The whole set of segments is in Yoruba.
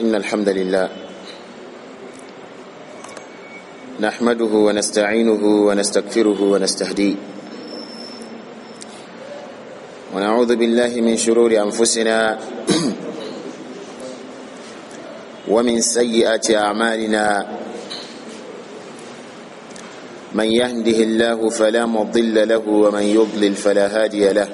إن الحمد لله نحمده ونستعينه ونستغفره ونستهديه ونعوذ بالله من شرور أنفسنا ومن سيئات أعمالنا من يهده الله فلا مضل له ومن يضلل فلا هادي له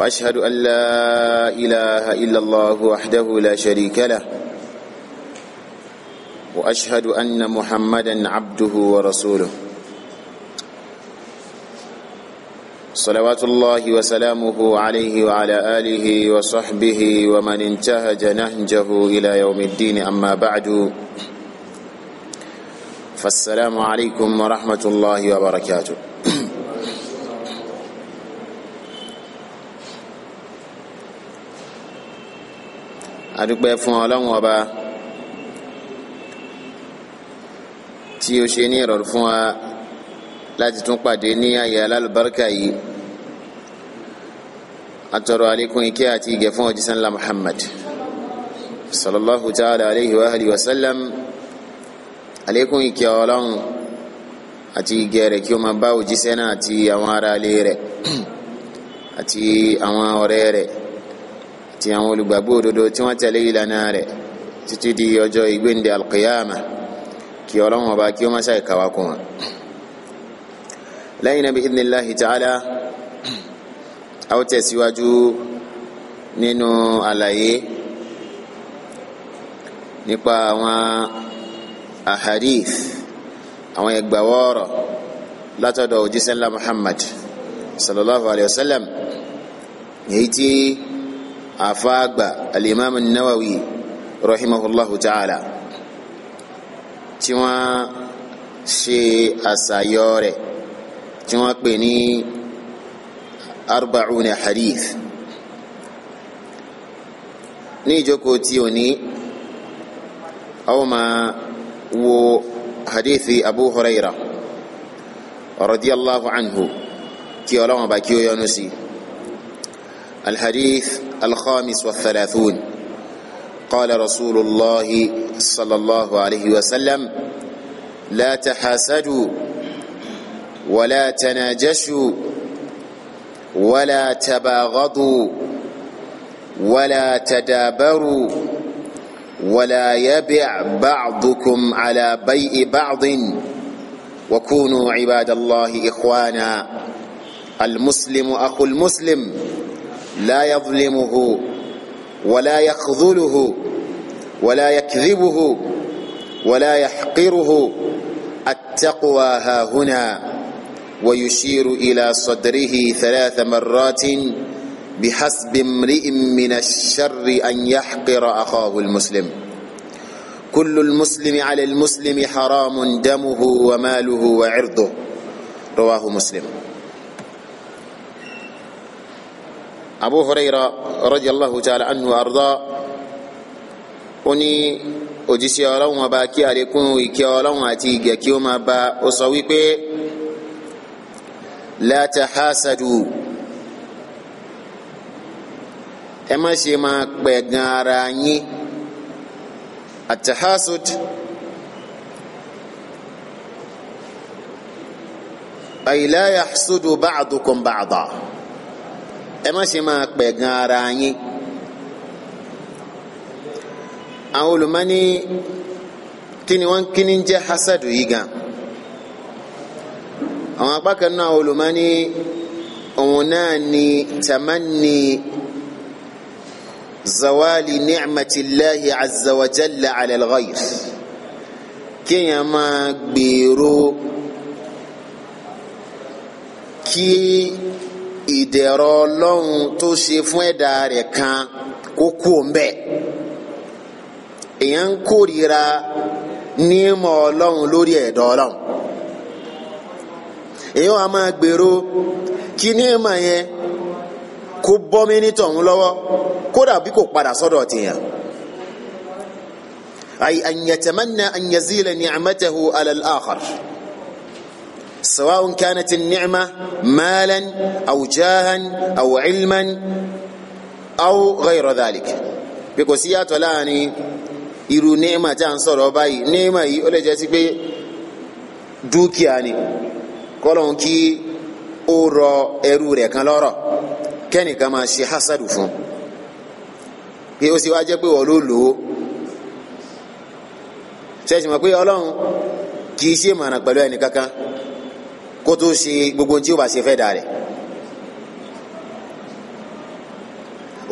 وأشهد أن لا إله إلا الله وحده لا شريك له وأشهد أن محمدا عبده ورسوله صلوات الله وسلامه عليه وعلى آله وصحبه ومن انتهج نهجه إلى يوم الدين أما بعد فالسلام عليكم ورحمة الله وبركاته adúpẹ́ fún ọlọ́run ọba tí ó ṣe ní ìrọ̀rùn fún wa láti tún pàdé ní àyè alálùbáríkà yìí atọrọ àlékún ìkẹ́ àti ìgẹ̀ fún ọjísán la Muhammad sallallahu ta'ala alayhi wa alihi wa sallam àlékún ìkẹ́ ọlọ́run àti ìgẹ̀ rẹ̀ kí ó máa bá òjíṣẹ́ náà àti àwọn ará ilé rẹ̀ àti àwọn ọ̀rẹ́ rẹ̀ ti àwọn olùgbàgbọ́ òdodo tí wọ́n tẹ̀lé ìlànà rẹ̀ títí di ọjọ́ ìgbéǹde alqiyama kí ọlọ́run ọba kí ó má ṣàì kàwá kún wọn. lẹ́yìn náà bí idhnillahi ta'ala a ó tẹ̀síwájú nínú àlàyé nípa àwọn ahadith àwọn ẹgbàwọ́ọ̀rọ̀ látọ̀dọ̀ òjíṣẹ́ Muhammad sallallahu alayhi wa sallam èyí tí àfáàgbà alimami nawawi rahimahullahu ta'ala tí wọ́n ṣe àṣàyọ rẹ̀ tí wọ́n pè ní arba'una hadith ní ìjókòó tí ò ní a ó máa wo hadithi abu huraira radiyallahu anhu kí ọlọ́wọ́n bá kí ó yọ́nú sí الخامس والثلاثون قال رسول الله صلى الله عليه وسلم لا تحاسدوا ولا تناجشوا ولا تباغضوا ولا تدابروا ولا يبع بعضكم على بيع بعض وكونوا عباد الله إخوانا المسلم أخو المسلم لا يظلمه ولا يخذله ولا يكذبه ولا يحقره التقوى ها هنا ويشير إلى صدره ثلاث مرات بحسب امرئ من الشر أن يحقر أخاه المسلم كل المسلم على المسلم حرام دمه وماله وعرضه رواه مسلم abu huraira radiyallahu ta'ala anhu arda ó ní òjíṣẹ́ ọlọ́run ọba kí àlékún ìkẹ́ ọlọ́run àti ìgẹ̀ kí ó máa bá ó sọ wípé la tahasadu ẹ má ṣe máa pẹ̀gàn ara yín atahasud ay la yahsudu ba'dukum ba'da ẹ má ṣe máa pẹ̀gàn ara yín àwọn olùmọ́ni kí ni wọ́n kí ni ń jẹ́ hasadu yìí gan àwọn apá kan náà àwọn olùmọ́ni òun náà ni tamanni zawali ni'matillahi azza wa jalla kéèyàn máa gbèrò kí ìdẹ̀rọ̀ ọlọ́run tó ṣe fún ẹ̀dá rẹ̀ kan kó kú òǹbẹ èèyàn ń kórìíra nímọ̀ ọlọ́run lórí ẹ̀dọ̀ ọlọ́run èèyàn wa máa gbèrò kí nímọ̀ yẹn kó bọ́ mínítọ̀ ọ̀hún lọ́wọ́ kódà bí kò padà sọ́dọ̀ tìyàn. ay an yatamanna an yazila akhar سواء كانت النعمة مالا أو جاها أو علما أو غير ذلك بكوسية تولاني irú níma tí a ń sọ̀rọ̀ báyìí níma yìí ó lè jẹ́ sí pé dúkìá ni kọ́lọ́hún kí ó rọ ẹrú rẹ̀ kan lọ́rọ̀ kẹ́nìkan máa ṣe hásàdù fún pé ó sì wá jẹ́ pé wọ́n ló lò ó ṣẹ́ẹ̀sì mọ̀ pé ọlọ́run kì í ṣe màrà pẹ̀lú ẹnì kankan kó se gbogbo tí ó bá ṣe fẹ́ dà rẹ̀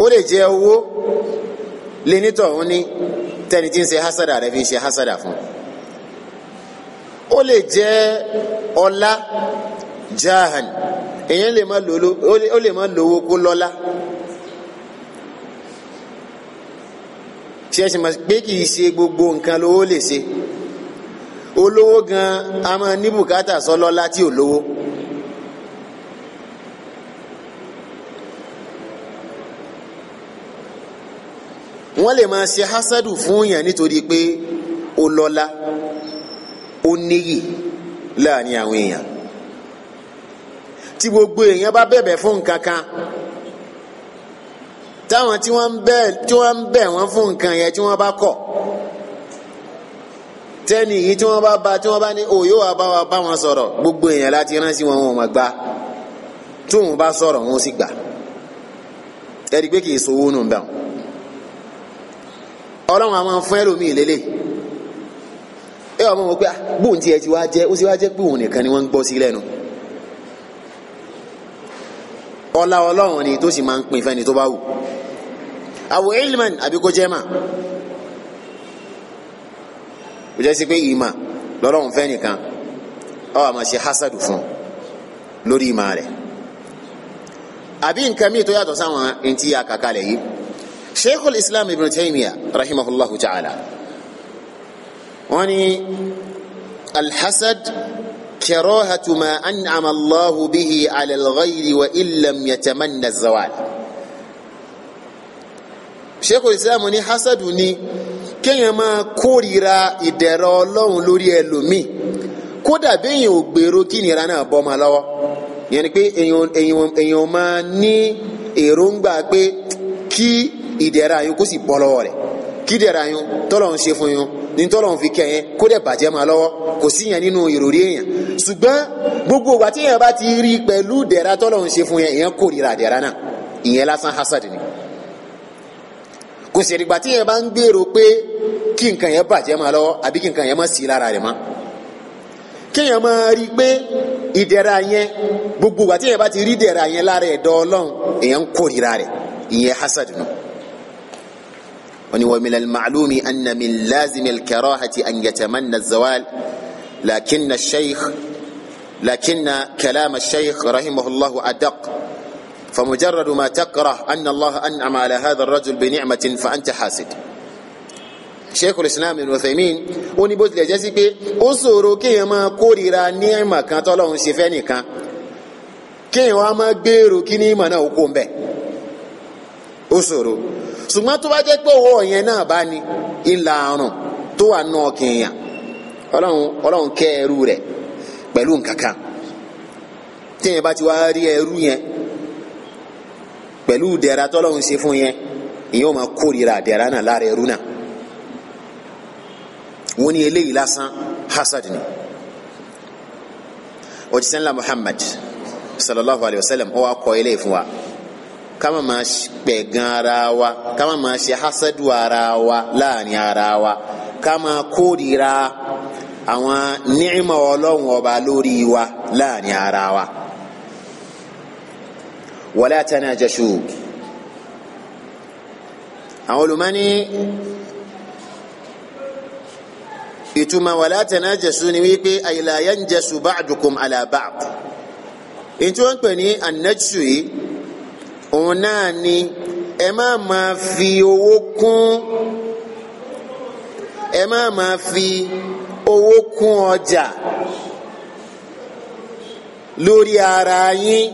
O lè jẹ owó lenitɔ nítọ̀ òun ní tẹni tí ń ṣe hasada rẹ̀ fi se hasada fún o lè jẹ ọlá jahan èèyàn lè má lòlò ó lè má lówó kó lọ́lá ṣe é ṣe máa pé kì í ṣe gbogbo nǹkan lówó lè olówó gan a máa ní bùkátà sọlọ́lá tí ò lówó. wọ́n lè máa ṣe hasadu fún yàn nítorí pé ó lọ́lá ó níyì láàrin àwọn èèyàn tí gbogbo èèyàn bá bẹ̀bẹ̀ fún nǹkan kan táwọn tí wọ́n ń bẹ̀ wọ́n fún nǹkan yẹn tí wọ́n bá kọ̀ tẹ́ni yìí tí wọ́n bá ba tí wọ́n bá ní oh, òye wa bá wa bá wọn sọ̀rọ̀ gbogbo èèyàn láti ránṣẹ́ wọn wọn máa gbà tí wọn bá sọ̀rọ̀ wọn sì gbà ẹ̀rí pé kì í sowó nù bẹ́ẹ̀ ọlọ́run àwọn fún ẹlòmíì lélẹ̀ ẹ wà mọ́ wọn pé ah, bóun tiẹ̀ ti wá jẹ́ ó sì wá jẹ́ pé òun nìkan ni wọ́n ń gbọ́ sí lẹ́nu ọlá ọlọ́run ni tó sì máa ń pín fẹ́ni tó bá wù àwọ̀ ilman àbí jẹ́ mà kò jẹ́ sí pé ìmà lọ́lọ́run fẹ́ nìkan ọ àmọ́ ṣe hasadu fún lórí ìmà rẹ̀ àbí nǹkan míì tó yàtọ̀ sáwọn ntí àkàkalẹ̀ yìí sheikhul islam ibn taymiya rahimahullahu ta'ala wọ́n ní alhassad كراهة ما أنعم الله به على الغير وإن لم يتمنى الزوال شيخ الإسلام ní hasadu ni kéèyàn máa kórìíra ìdẹ̀rọ ọlọ́run lórí ẹlòmíì kódà béèyàn ò gbèrò kí ìnira náà bọ́ ma lọ́wọ́ yẹn ni pé èèyàn máa ní èròǹgbà pé kí ìdẹ̀ra yín kó sì bọ́ lọ́wọ́ rẹ̀ kí ìdẹ̀ra yín tọ́lọ̀ ń ṣe fún yín ní tọ́lọ̀ ń fi kẹ́ yẹn kó dẹ̀ bàjẹ́ ma lọ́wọ́ kò sí yẹn nínú ìròrí èèyàn ṣùgbọ́n gbogbo ìgbà tí èèyàn bá ti rí pẹ̀lú ìdẹ̀ra tọ́lọ̀ ń kò sì dìgbà tí yẹn bá ń gbèrò pé kí nǹkan yẹn bàjẹ́ máa lọ àbí kí nǹkan yẹn máa sí lára rẹ̀ mọ́ kéèyàn máa rí i pé ìdẹ̀ra yẹn gbogbo ìgbà tí yẹn bá ti rí ìdẹ̀ra yẹn lára ẹ̀dọ́ ọlọ́run èèyàn ń kórìíra rẹ̀ ìyẹn hasad nù. wọ́n ní wa minal ma'lumi anna min lazimil karahati an yatamanna az-zawal lakinna ash-shaykh lakinna kalam ash-shaykh rahimahullahu adaq. فمجرد ما تكره أن الله أنعم على هذا الرجل بنعمة فأنت حاسد sheikh islam ibn uthaymin ó ní bó tilẹ̀ jẹ́ sí pé ó ṣòro kéèyàn máa kórìíra ní ìmọ̀ kan tọ́lọ́run ṣe fẹ́ nìkan kéèyàn wá máa gbèrò kí ní ìmọ̀ náà ó kó ń bẹ̀ ó ṣòro ṣùgbọ́n tó bá jẹ́ pé owó ọ̀yẹn náà bá ní ìlà àrùn tó wà nù ọ̀kìnyàn ọlọ́run ọlọ́run kẹ́ ẹrú rẹ̀ pẹ̀lú nǹkan kan téèyàn bá ti wá rí ẹrú yẹn pẹ̀lú dẹ̀ra tọ́lọ́hún ṣe fún yẹn ìyẹn ó máa kórìíra dẹ̀ra náà lára ẹrú náà wọ́n ní eléyìí lásán hasad ni òjíṣẹ́ Muhammad sallallahu alayhi wa sallam ó wá kọ́ eléyìí fún wa kama ma pẹ̀gàn ara wa kama ma ṣe hasadu ara wa láàrin ara wa kama kórìíra àwọn ní'mà ọlọ́run ọba lórí wa láàrin ara wa wala tanajashu àwọn olùmọ́ni ìtumọ̀ wala tanajashu ni wípé ay la yanjasu ba'dukum ala ba'd ìtú wọn pè ní anajsu yìí òun náà ni ẹ má máa fi owó kún ẹ má máa fi owó kún ọjà lórí ara yín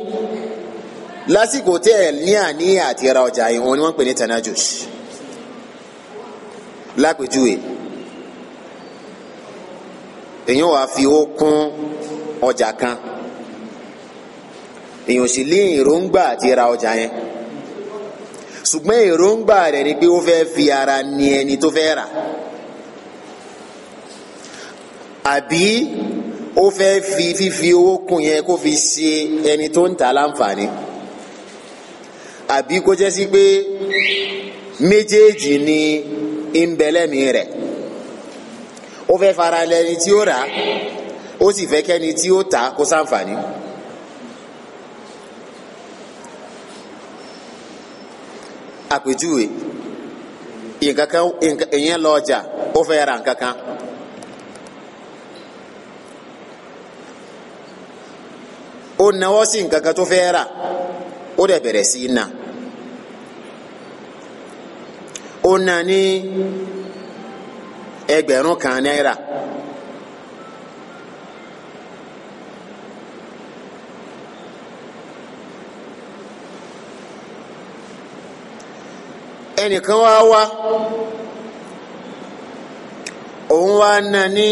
lásìkò tẹ́ ẹ̀ ní àníyàn àti ra ọjà yìí wọn ni wọ́n ń pè ní tanajus lápèjúwe èyàn wàá fi ó kún ọjà kan èyàn sì lé èròǹgbà àti ra ọjà yẹn ṣùgbọ́n èròǹgbà rẹ̀ ni pé ó fẹ́ fi ara ni ẹni tó fẹ́ rà àbí ó fẹ́ fi fífi owó kún yẹn kó fi ṣe ẹni tó ń ta láǹfààní. àbí kó jẹ́ sí pé méjèèjì ni ìmbẹ́lẹ́mì rẹ̀ ó fẹ́ fara lẹ́ni tí ó rà ó sì fẹ́ kẹ́ni tí ó tà kó ṣàǹfààní. àpèjúwe nǹkankan ìyẹn lọ ọjà ó fẹ́ ra nǹkankan. ó nawọ́ sí nǹkankan tó fẹ́ rà. o de bere sí na o na ni kan náírà ẹnìkan wá wá òun wá nà ní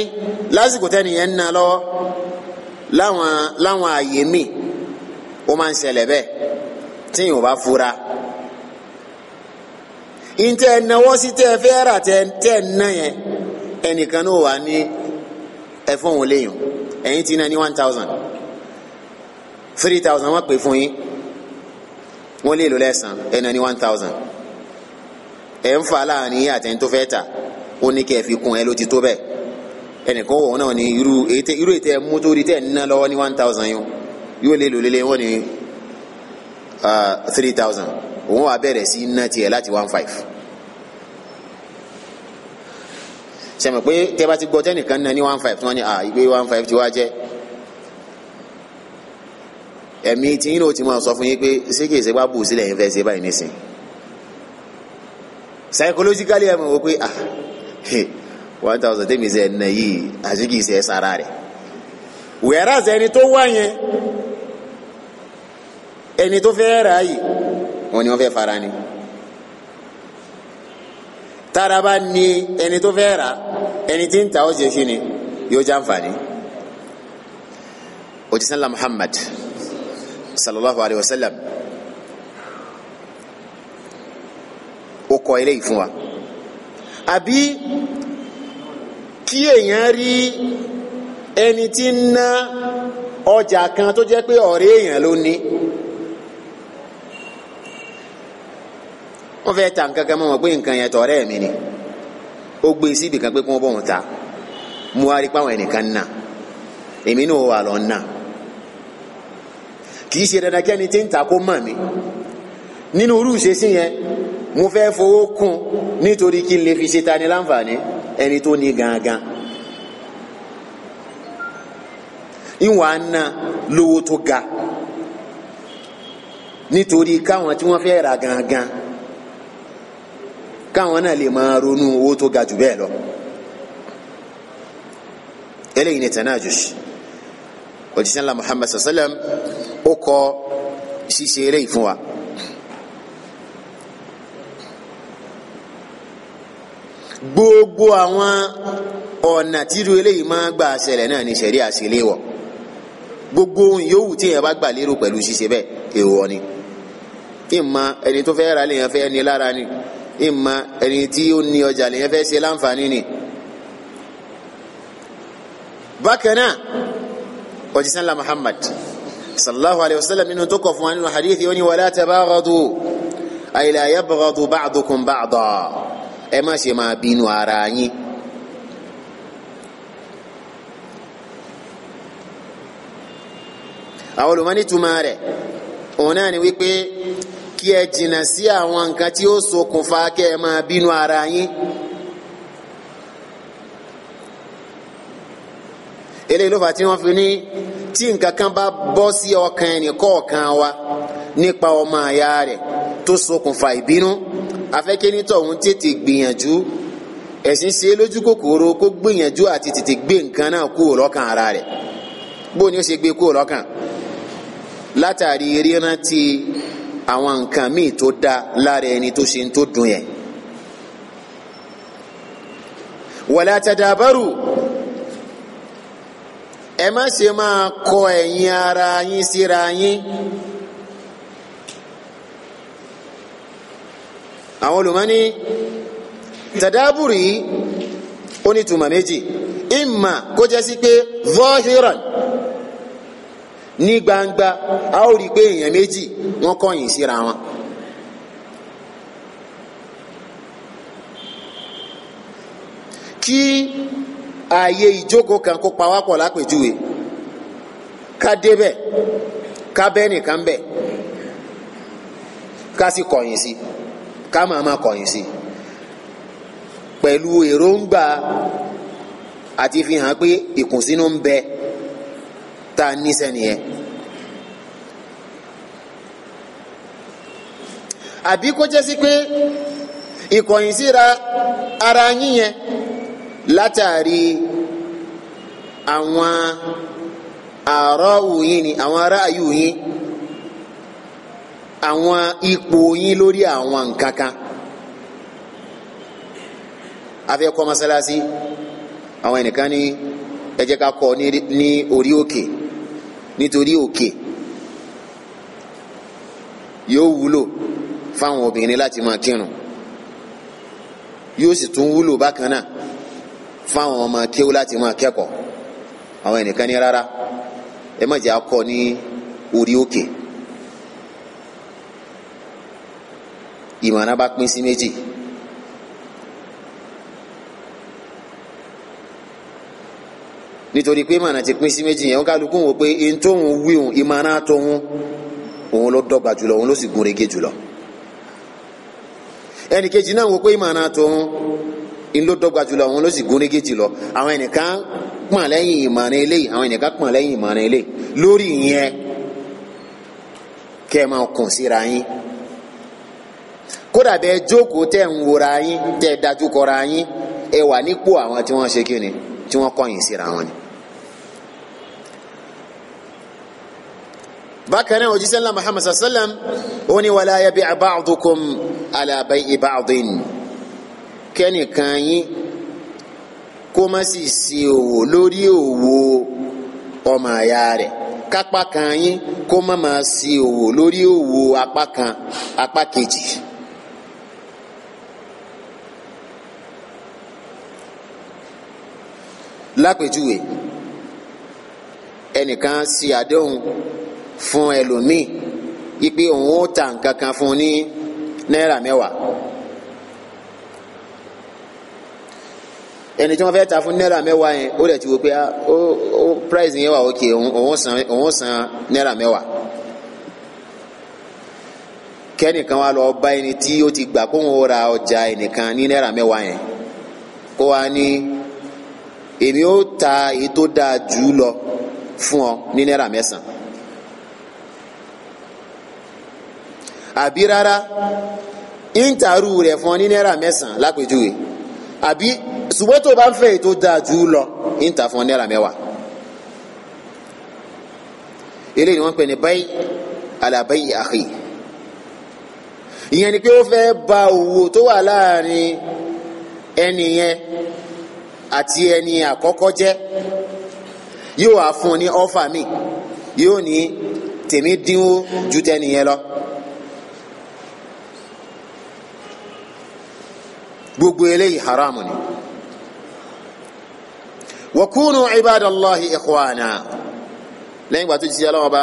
lásìkò tẹ́nìyẹn ń nà lọ́wọ́ láwọn láwọn àyè míì máa tí yóò bá fura ntẹ náwó sí tẹ fẹ́ rà tẹ tẹ ná yẹn ẹnìkan náà wà ní ẹfọn wò léyìn ẹ̀yin ti ná ní one thousand three thousand wọ́n pè fún yín wọ́n lè lò lẹ́sàn ẹ̀ ní one thousand ẹ̀ ń fa láàrin yín àtẹ̀ ń tó fẹ́ tà ó ní kẹ́ ẹ̀ fi kún ẹ ló ti tó bẹ́ẹ̀ ẹnìkan wọ̀ náà ní irú ètè mú tó rí tẹ̀ ná lọ́wọ́ ní one thousand yìí yóò lè lò lélẹ̀ wọ́n ní. Uh, three thousand òun wà bẹ̀rẹ̀ sí ná tiẹ̀ láti one five sẹ́mi pé tẹ́ bá ti gbọ́ tẹ́nìkan ná ní one five tí wọ́n ní ah, ìgbé one five ti wá jẹ́ ẹ̀mí tí yín ló ti máa sọ fún yín pé ṣé kìí ṣe bá bù sílẹ̀ yín fẹ́ ṣe báyìí nísìn psychologically ẹ̀ mọ̀ wọ́n pé ah one thousand tẹ́mi ṣe ẹ̀ nà yìí àti kìí ṣe ẹ̀ sára rẹ̀ whereas ẹni tó wá yẹn ẹni tó fẹ́ rà yìí wọn ni wọn fẹ́ fara ni taraba ni ẹni tó fẹ́ rà ẹni tí ń ta ọ̀sẹ̀ sí ni yóò já nfa ni òjísànlá Muhammad sallallahu alayhi wa sallam ó kọ eléyìí fún wa àbí kí èèyàn rí ẹni tí ń ná ọjà kan tó jẹ́ pé ọ̀rẹ́ èèyàn ló ní. wọ́n fẹ́ ta nǹkan kan mọ́ wọn pé nǹkan yẹn ni ó gbé e síbi kan pé kí wọ́n bọ̀ wọn ta rí ẹnìkan nà èmi náà wà lọ nà kì í ṣe dandan kẹ́ni tí ń ta kó mi nínú irú ìṣesí yẹn mo fẹ́ fowó kún nítorí kí n lè fi ṣe ni láǹfààní ẹni tó ní gangan ìwà lówó tó ga nítorí káwọn tí wọ́n fẹ́ ra gangan. káwọn náà lè máa ronú owó tó ga jù bẹ́ẹ̀ lọ eléyìí ni tanajush òjíṣẹ́ ńlá Muhammad sallam ó kọ ṣíṣe eléyìí fún wa. gbogbo àwọn ọ̀nà tíru eléyìí máa gbà ṣẹlẹ̀ náà ni ṣẹ̀rí àṣeléwọ̀ gbogbo ohun yòówù tí èèyàn bá gbà lérò pẹ̀lú ṣíṣe bẹ́ẹ̀ èèwọ̀ ni ìmọ̀ ẹni tó fẹ́ ra lèèyàn fẹ́ ni lára ni ìmọ̀ ẹni tí ó ní ọjà lèyẹn fẹ́ ṣe láǹfààní ni. bákan náà ọ̀jísánlá Muhammad sallallahu alayhi wa sallam nínú tó kọ̀ fún wa nínú hadithi ó ní wala tabaghadu ay la yabghadu ba'dukum ba'da ẹ má ṣe máa bínú ara yín. àwọn olùmọ́ni túmọ̀ rẹ̀ òun náà ni wípé. kí ẹ jìnnà sí àwọn nǹkan tí ó ṣokùnfà kẹ́ ẹ máa bínú ara yín. eléyìí ló fà tí wọ́n fi ní tí nǹkan kan bá bọ́ sí ọkàn ẹnì kọ̀ọ̀kan wa nípa ọmọ àyà rẹ̀ tó ṣokùnfà ìbínú afẹ́kẹ́ nítọ̀hún tètè gbìyànjú ẹ̀sìn ṣe lójú kòkòrò kó gbìyànjú àti tètè gbé nǹkan náà kúrò lọ́kàn ara rẹ̀ bó ni ó ṣe gbé kúrò lọ́kàn látàrí àwọn nǹkan míì tó dá lára ẹni tó ṣe ń tó dùn yẹn. wala tadabaru ẹ má ṣe máa kọ ẹ̀yìn ara yín síra yín. àwọn olùmọ́ni tàdábùrì ó ní tùmọ̀ méjì ìmà kó jẹ́ sí pé zọ́híràn ní gbangba a ó rí i pé èèyàn méjì wọ́n kọ̀yìn síra wọn. kí ààyè ìjókòó kan kó pa wá pọ̀ lápèjúwe ká débẹ̀ ká bẹ́ nìkan bẹ̀ ká sì kọ̀yìn sí ká máa máa kọ̀yìn sí pẹ̀lú èròǹgbà àti fi hàn pé ìkùnsínú ń bẹ ta a níṣẹ́ àbí kó pé síra ara yín látàrí àwọn àárọ̀ òyìn ni àwọn ará ayé àwọn ipò yín lórí àwọn nǹkan kan nítorí òkè yóò wúlò fáwọn obìnrin láti máa kírun yóò sì tún wúlò bákan náà fáwọn ọmọ kéwú láti máa kẹ́kọ̀ọ́ àwọn ẹnìkan ní rárá ẹ má jẹ́ akọ ní orí òkè ìmọ̀ràn bá pín sí méjì. nítorí pé màánà ti pín sí méjì yẹn kálukú wò pé n tó ń wí òun ìmọ̀ràn tó ń òun ló dọ́gba jùlọ òun ló sì gún régé jùlọ ẹnì kejì náà wò pé ìmọ̀ràn tó ń ló dọ́gba jùlọ òun ló sì gún régé jùlọ àwọn ẹnìkan pọ̀n lẹ́yìn ìmọ̀ràn eléyìí àwọn ẹnìkan pọ̀n lẹ́yìn ìmọ̀ràn eléyìí lórí ìyẹn kẹ́ ẹ máa kùn síra yín kódà bẹ́ẹ̀ jókòó tẹ́ ń wora yín tẹ́ dájú kọra yín ẹ wà nípò àwọn tí wọ́n ṣe kí ni tí wọ́n kọ̀yìn síra wọn ni. bákan náà òjíṣẹ́ ńlá muhammad sallam ó ní wala yabi'a ba'dukum ala bay'i ba'din kẹ́nìkan yín kó má sì ṣe òwò lórí òwò ọmọ àyà rẹ̀ kápá kan yín kó má má ṣe òwò lórí òwò apá kan apá kejì. lápèjúwe ẹnìkan ṣe àdéhùn fún ẹlòmíì ipe òun ó ta nǹkan kan fún un ní náírà mẹ́wàá ẹni tí wọ́n fẹ́ ta fún náírà mẹ́wàá yẹn ó dẹ̀ ti wò pé ah, ó ó price yẹn wà òkè òun san òun san náírà mẹ́wàá kẹ́nìkan wá lọ bá ẹni tí ó ti gbà kóun ra ọjà ẹnìkan ní náírà mẹ́wàá yẹn kó wá ní èmi ó ta èyí tó dáa jù lọ fún ọ ní náírà mẹ́sàn-án àbí rárá ń tààrú rẹ̀ fún ọ ní náírà mẹ́sàn-án lápèjúwe àbí ṣùgbọ́n tó o bá ń fẹ́ ètò dáa jù ú lọ ń tà fún ọ náírà mẹ́wàá eléyìí ni wọ́n pè ní báyìí alábáyìí àkè ìyẹn ni pé ó fẹ́ ba òwò tó wà láàrin ẹni yẹn àti ẹni àkọ́kọ́ jẹ́ yóò wá fún un ní ọ́fà mi yóò ní tèmi dínwó ju tẹ́ni yẹn lọ. gbogbo eleyi haramu ni. wa kunu ibadallahi ikhwana lẹ́yìn ìgbà tó ti ṣe ọlọ́wọ́n ba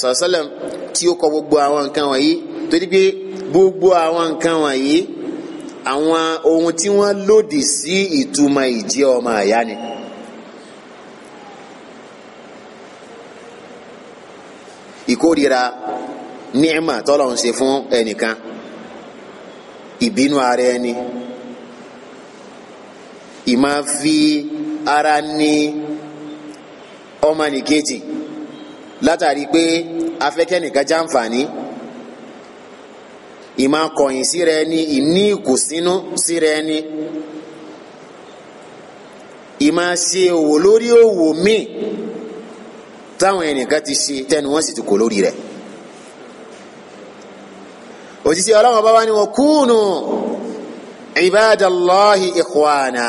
sàlẹ́sàlẹ̀m tí ó kọ gbogbo àwọn nǹkan wọ̀nyí torí pé gbogbo àwọn nǹkan wọ̀nyí àwọn ohun tí wọn lodi si ìtumọ̀ ìjẹ́ ọmọ àyá ni. ìkórira ní'mà tọ́lọ̀ ń ṣe fún ẹnìkan ìbínú ara ẹni. ìmáa fi ara ní ọmọnìkejì látàrí pé afẹ́kẹ́nìkan jàǹfààní ìmá kọ̀yìn síra ẹni ìní ìkùsínú síra ẹni ìmá ṣe òwò lórí òwò míì táwọn ẹnìkan ti ṣe tẹnu wọn sì ti kò lórí rẹ̀ òjíṣẹ́ ọlọ́wọ́n bá wá ní wọn kúùnù ibadallahi ikhwana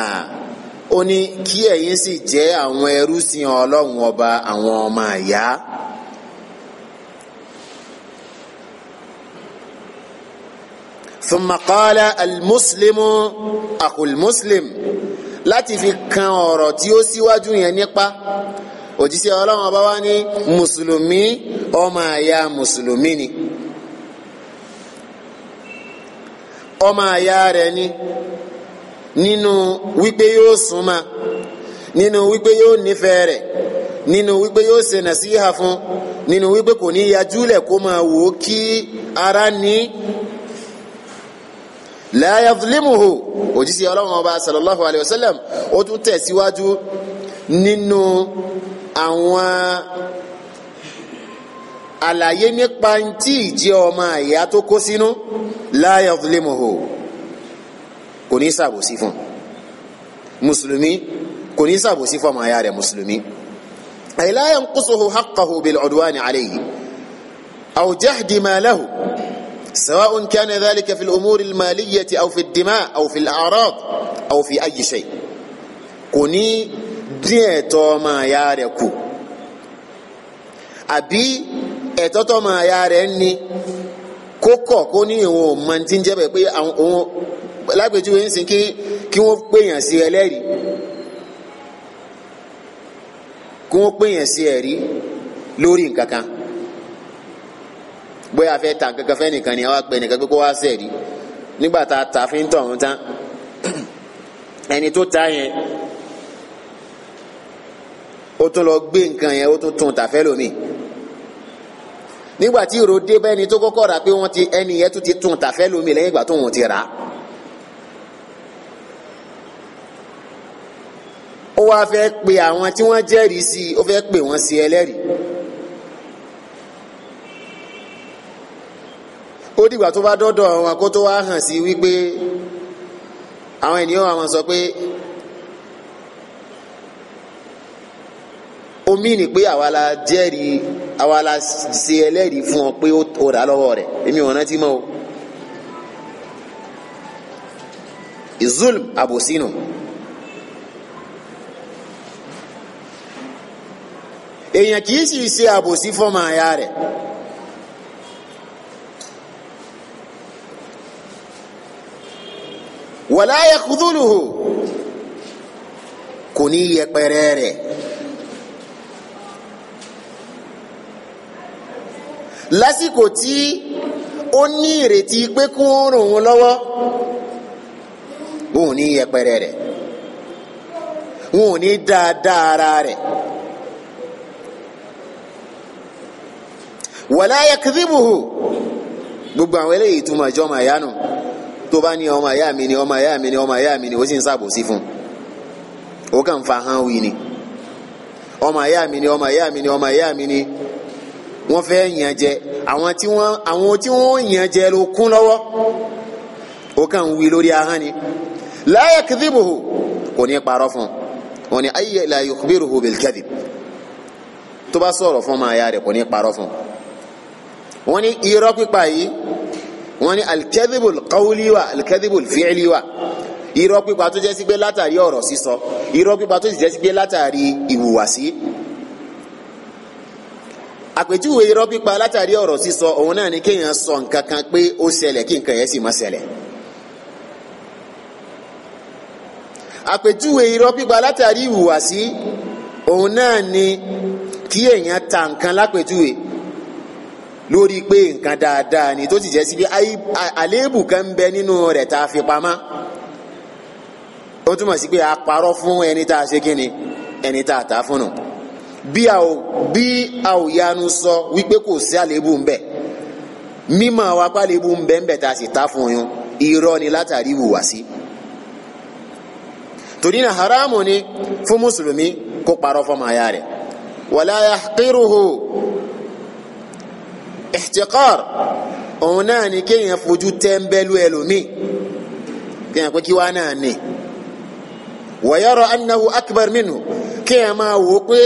ó ní kí ẹ̀yin sì jẹ́ àwọn ẹrú sí ọlọ́run ọba àwọn ọmọ àyá. thumma qala almuslimu akul muslim láti fi kan ọ̀rọ̀ tí ó síwájú yẹn nípa òjíṣẹ́ ọlọ́run ọba wa ní mùsùlùmí ọmọ àyá mùsùlùmí ni. Muslimi, ọmọ àyà rẹ̀ ni nínú wípé yóò súnmọ́ nínú wípé yóò nífẹẹ rẹ nínú wípé yóò ṣe nàṣíhà fún nínú wípé kò ní yajúlẹ̀ kó máa wò ó kí ara ní la yazlimuhu òjíṣẹ́ ọlọ́run ọba sallallahu alayhi wa sallam ó tún tẹ̀síwájú nínú àwọn. àlàyé nípa ntí ìjẹ ọmọ àyà tó kó sínú la yadhlimuhu kò ní ṣàbòsí fún mùsùlùmí kò ní ṣàbòsí fún ọmọ àyà rẹ̀ mùsùlùmí ay la yanqusuhu haqqahu bil udwani alayhi aw jahdi ma lahu سواء كان ذلك في الأمور المالية أو في الدماء أو في الأعراض أو في أي شيء كوني ديتو ما ياركو àbí ẹ̀tọ́ ma ya rẹ̀ ni kó kọ̀ kó ní ìwọ̀n máa ń jẹ́ bẹ̀ pé àwọn lágbèjúwe ń sìn kí kí wọ́n pèèyàn sí ẹlẹ́rìí kí wọ́n pèèyàn sí ẹ̀rí lórí nǹkan bóyá a fẹ́ ta nìkan ni a ta fi ń tọ̀ ẹni tó ta yẹn ó tún lọ gbé yẹn ó tún tún tà fẹ́ nígbà tí ìró dé bá ẹni tó kọ́kọ́ rà pé wọ́n ti ẹni yẹn tún ti tún tàfẹ́ lómi lẹ́yìn ìgbà tó wọ́n ti rà á. ó wáá fẹ́ pe àwọn tí wọ́n jẹ́rìí sí i ó fẹ́ pe wọ́n sí ẹlẹ́rìí. ó dìgbà tó bá dọ́dọ̀ wọn kó tó wá hàn sí wípé àwọn ènìyàn àwọn sọ pé omi ni pé àwa la jẹ́rìí àwa la ṣe ẹlẹ́rìí fún ọ pé ó rà lọ́wọ́ rẹ̀ èmi ò rántí mọ́ o. zulm abosinu èèyàn kì í sì ṣe àbòsí fọmọ àyà rẹ̀ wala yakuduluhu kò ní yẹpẹrẹ rẹ̀. lásìkò tí ó ní ìrètí pé kí wọ́n ràn wọ́n lọ́wọ́ wọn ò ní yẹpẹrẹ rẹ̀ wọn ò ní dáadáa ara rẹ̀ wala yakdhibuhu gbogbo àwọn eléyìí tún máa jọ ọmọ àyà nù tó bá ní ọmọ àyà mi ni ọmọ àyà mi ni ọmọ àyà mi ni ó sì ń ṣàbòsí fún un ó kàn fa hàn wí ni ọmọ àyà mi ni ọmọ àyà mi ni ọmọ àyà mi ni wọ́n fẹ́ yàn jẹ àwọn tí wọ́n àwọn tí wọ́n yàn jẹ ló kún lọ́wọ́ ó kàn ń wí lórí ahọ́n ni la yakdhibuhu kò ní parọ́ fún un wọ́n ní ayé la yukhbiruhu bil kadhib tó bá sọ̀rọ̀ fún ọmọ àyà rẹ̀ kò ní parọ́ fún un wọ́n irọ́ pípa yìí wọ́n ní alikẹ́dìbòl kọ́wúlíwà alikẹ́dìbòl fíẹ́líwà irọ́ pípa tó jẹ́ sí pé látàrí ọ̀rọ̀ sísọ irọ́ pípa tó jẹ́ sí pé látàrí ìhùwàsí àpèjúwe irọ́ pípa látàrí ọ̀rọ̀ sísọ òun náà ni kéèyàn sọ nǹkan kan pé ó ṣẹlẹ̀ kí nǹkan yẹn sì má ṣẹlẹ̀. àpèjúwe irọ́ pípa látàrí ìhùwàsí òun náà ni kí èèyàn ta nǹkan lápèjúwe lórí pé nǹkan dáadáa ni tó sì jẹ́ síbi àléébù kan ń bẹ nínú rẹ̀ tá a fi pamọ́ ó túmọ̀ sí pé a parọ́ fún ẹni tá a ṣe kí ni ẹni tá a ta fún nù. No bí a ò bí a ò yanu sọ wípé kò sí àléébù ń bẹ mímọ̀ àwọn apá àléébù ń bẹ ń bẹ tá a sì ta fún yín irọ́ ni látàrí ìwùwà sí torí náà haramu ni fún mùsùlùmí kó parọ́ fọmọ aya rẹ̀ wala yahqiruhu ihtiqar òun náà ni kéèyàn fojú tẹ́ńbẹ́lú ẹlòmíì kéèyàn pé kí wàá náà ní wa yara akbar minhu kẹ́ ẹ máa wò ó pé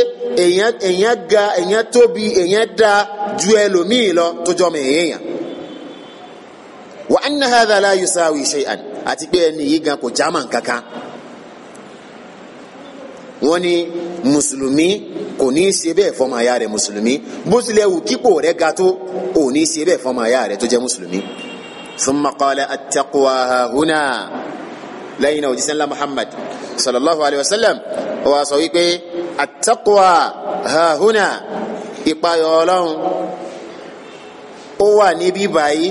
èèyàn èèyàn ga èèyàn tóbi èèyàn da ju ẹlòmíì lọ tó jọ mọ̀ èèyàn wa anna hadha la yusawi shay'an àti pé ẹni yìí gan kò jámà kankan wọ́n ní mùsùlùmí kò ní í ṣe bẹ́ẹ̀ fọmọ aya rẹ̀ mùsùlùmí bó tilẹ̀ wù kípò rẹ̀ ga tó ò ní í ṣe bẹ́ẹ̀ fọmọ aya rẹ̀ tó jẹ́ mùsùlùmí. thumma qala at-taqwa lẹ́yìn náà òjíṣẹ́ ńlá Muhammad sallallahu alayhi wa sallam ó wá sọ wípé at-taqwa hahuna ìpayọ̀ ọlọ́run ó wà níbí báyìí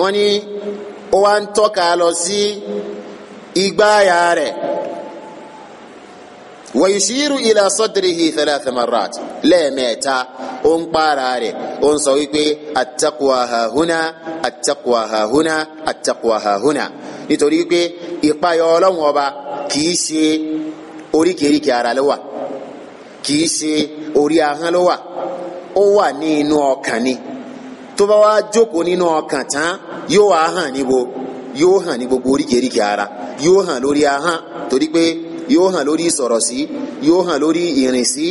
wọ́n ní ó wá ń tọ́ka lọ sí igbáyà rẹ̀ wa yushiru ila sadrihi thalatha marrat lẹ́ẹ̀mẹ́ta ó ń para rẹ̀ ó ń sọ wípé at hahuna at hahuna at hahuna nítorí pé ìpayọ ọlọ́run ọba kìí ṣe oríkèéríkèé ara ló wà kìí ṣe orí ahọ́n ló wà ó wà ní inú ọkàn ni tó bá wá jókòó nínú ọkàn tán yóò wá hàn níbo yóò hàn ní gbogbo oríkèéríkèé ara yóò hàn lórí ahọ́n torí pé yóò hàn lórí ìsọ̀rọ̀ sí yóò hàn lórí ìrìn sí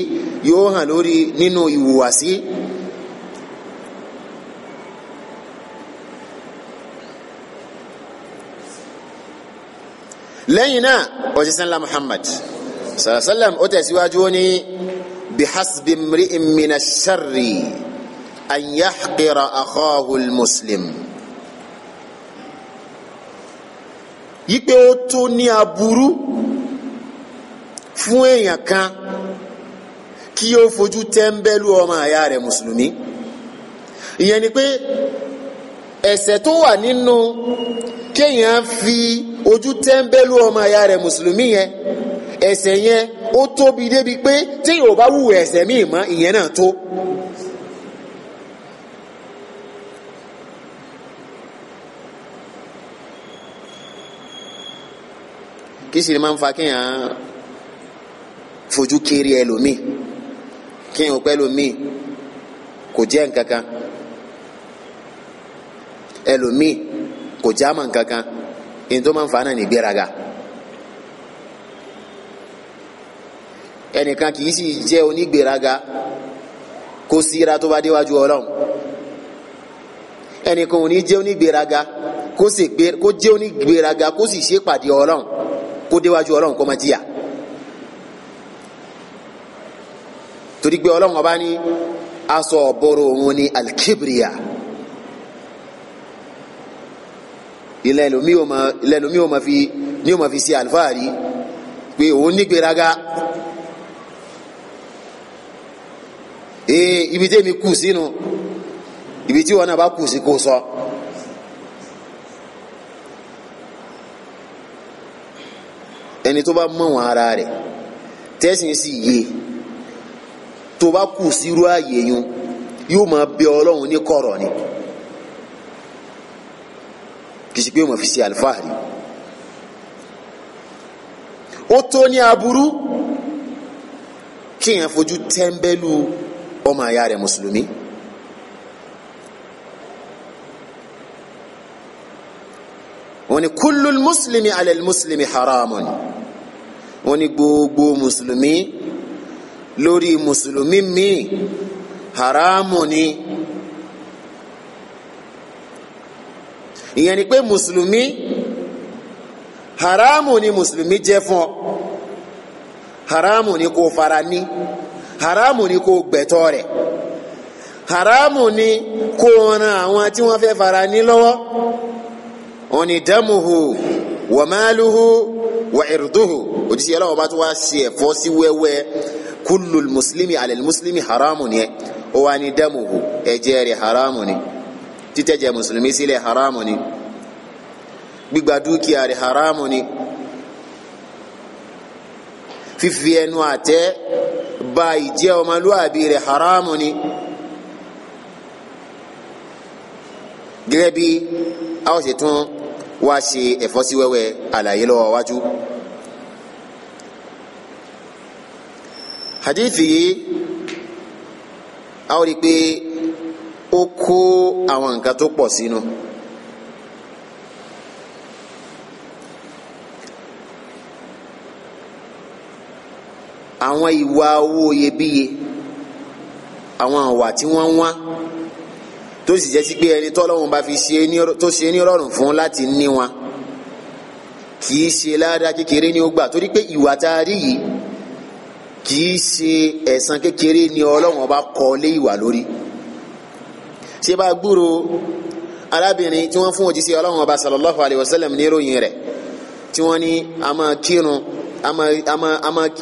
yóò hàn lórí nínú ìhùwàsí. lẹ́yìn náà òjíṣẹ́ ńlá muhammad sàlásàlám ó tẹ̀síwájú ó ní bihasbi mri'in mina sharri an yahqira akhahu muslim. yípe ó tó ní aburú fún èèyàn kan kí ó fojú tẹ́ńbẹ́lú ọmọ àyá rẹ̀ mùsùlùmí ìyẹn ni pé ẹ̀ṣẹ̀ tó wà nínú kéèyàn fi ojú tẹ́ńbẹ́lú ọmọ àyà rẹ̀ mùsùlùmí yẹn ẹ̀ṣẹ̀ yẹn ó tóbi débi pé tí yóò bá wù ẹ̀ṣẹ̀ míì mọ́ ìyẹn náà tó. kí sì ni máa ń fa kéèyàn fojú kéré ẹlòmíì kéèyàn pẹ́ lòmíì kò jẹ́ nǹkan kan ẹlòmíì kò já mọ́ nǹkan kan èyí tó máa ń fa náà ní gbéraga ẹnìkan kì í sì jẹ́ onígbéraga kó síra tó bá déwájú ọlọ́run ẹnìkan ò ní jẹ́ onígbéraga kó jẹ́ onígbéraga kó sì ṣe pàdé ọlọ́run kó déwájú ọlọ́run kó máa jìyà. torí pé ọlọ́run ọba ní aṣọ ọ̀bọ̀rọ̀ òun ni alkibriya. ilẹ̀ lomi yóò ma ilẹ̀ fi ni yóò ma fi ṣe àlùfáàrí pé òun ní gbéraga ee ibi tí èmi kù sínú ibi tí wọn náà bá kù sí kò sọ. ẹni tó bá mọ̀ wọn ara rẹ̀ tẹ́sán sì yé tó bá kù sírú àyè yun yóò máa bẹ ọlọ́run ní kọ̀rọ̀ ni. Koroni kì í ṣe pé wọ́n fi ṣe àlùfáàrí ó tó ní aburú kéèyàn fojú tẹ́ńbẹ́lú ọmọ àyà rẹ̀ mùsùlùmí. wọ́n ní kullul muslimi alal muslimi haramun wọ́n ní gbogbo mùsùlùmí lórí mùsùlùmí míì haramun ni. Haramu ni ìyẹn ni pé mùsùlùmí haramu ni mùsùlùmí jẹ́ fún ọ haramu ni kò fara ní haramu ni kò gbẹ̀tọ́ rẹ̀ haramu ni kò ran àwọn tí wọ́n fẹ́ fara ní lọ́wọ́ wọn ni damuhu wa maluhu wa irduhu òjíṣẹ́ bá tún wá sí ẹ̀fọ́ sí wẹ́wẹ́ kullu muslimi alẹ́ muslimi haramu ni ẹ ó ní damuhu ẹ̀jẹ̀ rẹ̀ haramu ni títẹ̀jẹ̀ mùsùlùmí sílẹ̀ haramu ni gbígba dúkìá rẹ̀ haramu ni fífi ẹnu àtẹ́ bà ìjẹ́ ọmọlúwàbí rẹ̀ haramu ni gẹ́gẹ́ bí a ó ṣe tún wá ṣe ẹ̀fọ́síwẹ́wẹ́ àlàyé lọ́wọ́ wájú. hadithi yìí a ó rí i pé ó kó àwọn nǹkan tó pọ̀ sínú. àwọn ìwà owó iyebíye àwọn àwà tí wọ́n ń wá tó sì jẹ́ sí pé ẹni tọ́lọ́run bá fi ṣe tó ṣe ní rọrùn fún láti ní wọn kì í ṣe ládàá kékeré ní ó torí pé ìwà tá a rí yìí kì í ṣe ẹ̀san kékeré ni Ọlọ́run ọba kọ́ lé ìwà lórí ṣe bá gbúrò arábìnrin tí wọ́n fún òjíṣẹ́ ọlọ́run ọba sallallahu alayhi wa sallam ní ìròyìn rẹ̀ tí wọ́n ní a máa kírun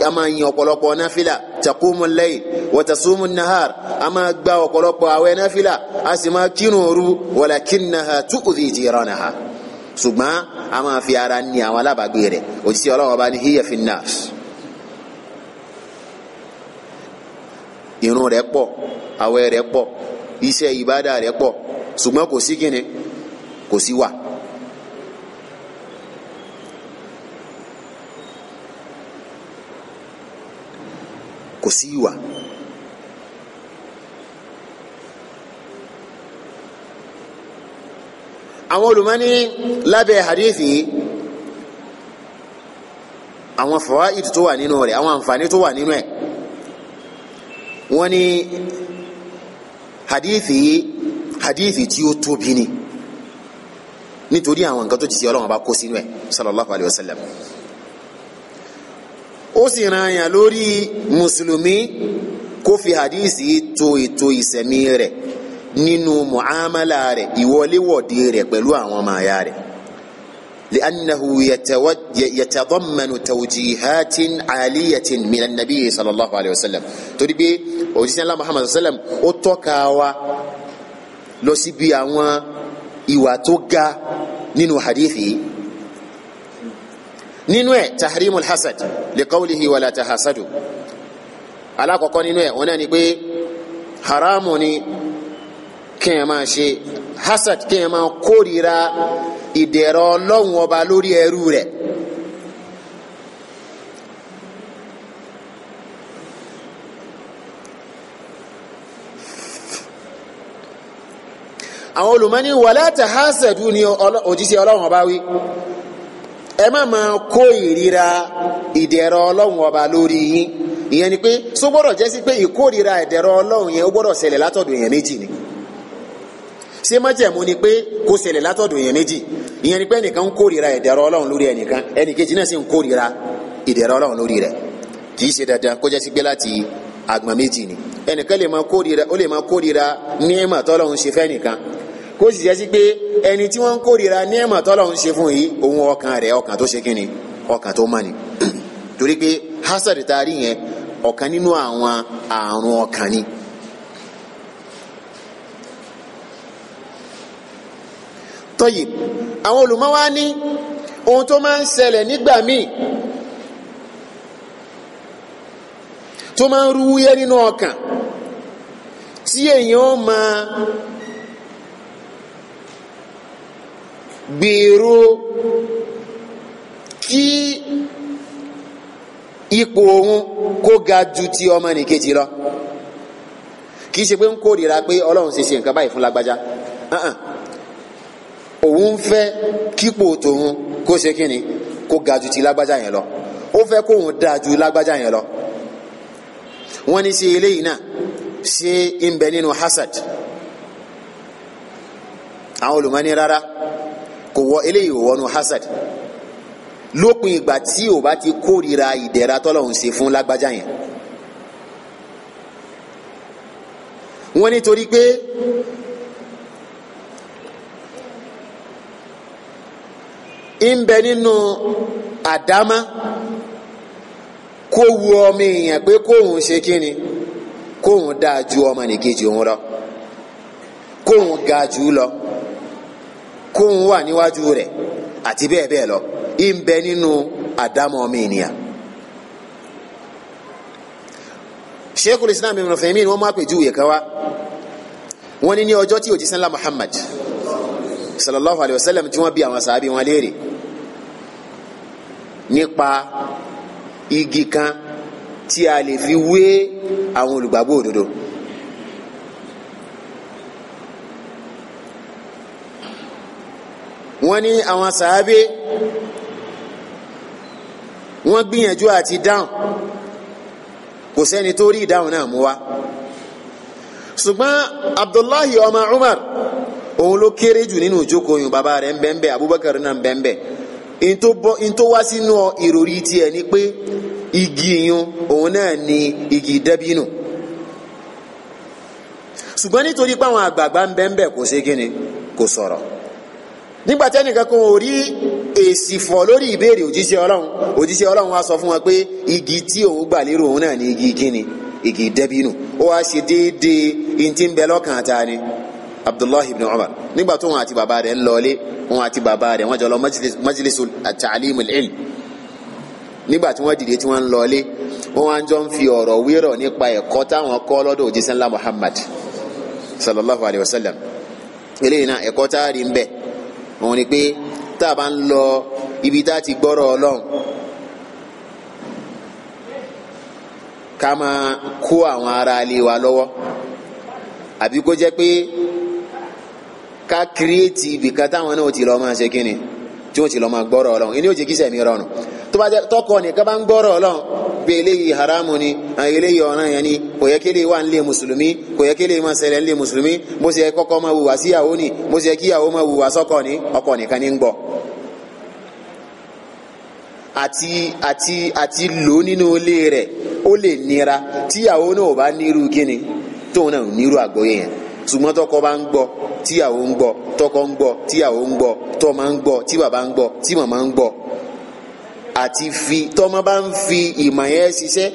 a máa yin ọ̀pọ̀lọpọ̀ náfìlà taqumu al-layl wa tasumu an-nahar a máa gba ọ̀pọ̀lọpọ̀ àwẹ̀ náfìlà a sì máa kírun òru walakinnaha tu'dhi jiranaha ṣùgbọ́n a máa fi ara ní àwọn alábàgbé rẹ̀ òjíṣẹ́ ọlọ́run ọba ní hiya fi irun rẹ̀ pọ̀ àwẹ̀ rẹ̀ pọ̀ iṣẹ́ ìbádà rẹ̀ pọ̀ ṣùgbọ́n kò sí kíni kò sí wà. kò sí ìwà. àwọn olùmọ́ni lábẹ́ hadith yìí àwọn fawaid tó wà nínú rẹ̀ àwọn àǹfààní tó wà nínú ẹ̀ wọ́n ní hadithi hadithi tí ó tóbi ni nítorí àwọn nǹkan tó ti ṣe ọlọ́run bá kó sínú ẹ̀ sallallahu alayhi wa sallam ó sì ran àyàn lórí mùsùlùmí kó fi hadithi tò ètò ìsẹ̀mí rẹ̀ nínú muamala rẹ̀ ìwọléwọ̀de rẹ̀ pẹ̀lú àwọn ọmọ àyà rẹ̀. لأنه يتضمن توجيهات عالية من النبي صلى الله عليه وسلم torí pé òjíṣẹ́ ńlá Muhammad sallam ó tọ́ka wa lọ síbi àwọn ìwà tó ga nínú hadithi nínú ẹ̀ tahrimul hasad liqawlihi wala tahasadu alákọ̀ọ́kọ́ nínú ẹ̀ wọ́n náà ni pé haramu ni kéèyàn máa ṣe hasad kéèyàn máa kórìíra ìdẹ̀rọ ọlọ́run ọba lórí ẹrú rẹ̀. àwọn olùmọ́ni wala tahasadu ni òjíṣẹ́ ọlọ́run ọba wí ẹ má ma kó ìríra ìdẹ̀rọ ọlọ́run ọba lórí yín ìyẹn ni pé sọ gbọ́dọ̀ jẹ́ sí pé ìkórìíra ìdẹ̀rọ ọlọ́run yẹn ó gbọ́dọ̀ ṣẹlẹ̀ látọ̀dọ̀ èèyàn méjì ni. ṣé májẹ̀mú ni pé kó ṣẹlẹ̀ látọ̀dọ̀ èèyàn méjì ìyẹn ni pé ẹnìkan ń kórìíra ìdẹ̀rọ ọlọ́run lórí ẹnìkan ẹnìkejì náà sì ń kórìíra ìdẹ̀rọ ọlọ́run lórí rẹ̀ kì í ṣe dandan kó jẹ́ sí pé láti àgbọ̀n méjì ni ẹnìkan lè máa kórìíra ó lè máa kórìíra ní ẹ̀mà tọ́lọ́run ṣe fẹ́ nìkan kó sì jẹ́ sí pé ẹni tí wọ́n ń kórìíra ní ẹ̀mà tọ́lọ́run ṣe fún yìí òun ọkàn rẹ̀ ọkàn tó ṣe kíni ọkàn tó mọ̀ ni torí pé hasad taari yẹn ọ̀kan nínú àwọn àrùn ọkàn ni tọ́yì àwọn olùmọ̀ wa ní ohun tó máa ń ṣẹlẹ̀ nígbà míì tó máa ń rúwúyẹ́ nínú ọkàn tí èèyàn ó máa gbèrò kí ipò òun kó ga ju ti ọmọnìkejì lọ kì í ṣe pé ń kórìíra pé ọlọ́run ṣe ṣe nǹkan báyìí fún lágbájá. Uh -uh òun fẹ́ kípò tòun kó ṣe kí ni kó ga ju ti lágbájá yẹn lọ ó fẹ́ kóun dáa ju lágbájá yẹn lọ wọ́n ní sí eléyìí náà ṣé ń bẹ nínú hasad àwọn olùmọ́ni rárá kò wọ eléyìí ò wọnú hasad lópin ìgbà tí o bá ti kórira ìdẹ̀ra tọ́lọ́hún ṣe fún lágbájá yẹn wọ́n nítorí pé ń bẹ nínú àdámá kó wu ọmọ èèyàn pé kóun ṣe kí ni kóun dáa ju ọmọ nìkejì òun lọ kóun ga jù lọ kóun wà níwájú rẹ̀ àti bẹ́ẹ̀ bẹ́ẹ̀ lọ ń nínú àdámá ọmọ ènìyàn. Sheikhul Islam Ibn Uthaymeen wọ́n mú àpèjúwe kan wá wọ́n ní ní ọjọ́ tí òjíṣẹ́ ńlá Muhammad sallallahu alayhi wa sallam tí wọ́n bi àwọn sàábì wọn léèrè nípa igi kan tí a lè fi wé àwọn olùgbàgbọ́ òdodo. wọ́n ní àwọn sàábé wọ́n gbìyànjú àti dáhùn kò sẹ́ni tó rí ìdáhùn náà mú wa ṣùgbọ́n Abdullahi ọmọ Umar òun ló kéré jù nínú ìjókòó yìí bàbá Abubakar náà ń bẹ wá sínú ìròrí tiẹ̀ ni pé igi yun òun náà ni igi dẹ́bínú ṣùgbọ́n nítorí pé àgbààgbà ń kò ṣe kí ni kò sọ̀rọ̀ nígbà tí ẹnìkan kan ò rí èsì fọ̀ sọ fún wọn pé igi tí òun gbà lérò òun igi igi dẹ́bínú ó wá ṣe déédéé abdullahi ibn umar nígbà tó wọn àti bàbá rẹ̀ ń lọlé wọn àti bàbá rẹ̀ wọn jọlọ majlisu at-ta'lim nígbà tí wọn dìde tí wọn ń lọlé fi nípa táwọn ka kírètì ibìkan táwọn náà ti lọ máa ṣe kíni tí wọ́n ti lọ máa gbọ́rọ̀ Ọlọ́run ẹni ó jẹ́ mi rọrùn tó bá jẹ́ tọkọ nìkan bá ń haramu ni àwọn eléyìí ọ̀ràn yẹn ni kò yẹ kí eléyìí wà mùsùlùmí kò yẹ kí eléyìí máa ṣẹlẹ̀ nílé mùsùlùmí bó ṣe kọ́kọ́ máa wùwà ni bó ṣe máa wùwà sọ́kọ ni ọkọ nìkan ń gbọ́ àti àti àti lò nínú ilé rẹ̀ ó lè nira náà ò bá kíni tóun náà ṣùgbọ́n tọkọ bá ń gbọ́ tíyàwó ń gbọ́ tọkọ ń gbọ́ tíyàwó ń gbọ́ tọmọ ń gbọ́ tí bàbá ń gbọ́ tí màmá ń gbọ́ àti fi tọmọ bá ń fi ìmọ̀ yẹn ṣiṣẹ́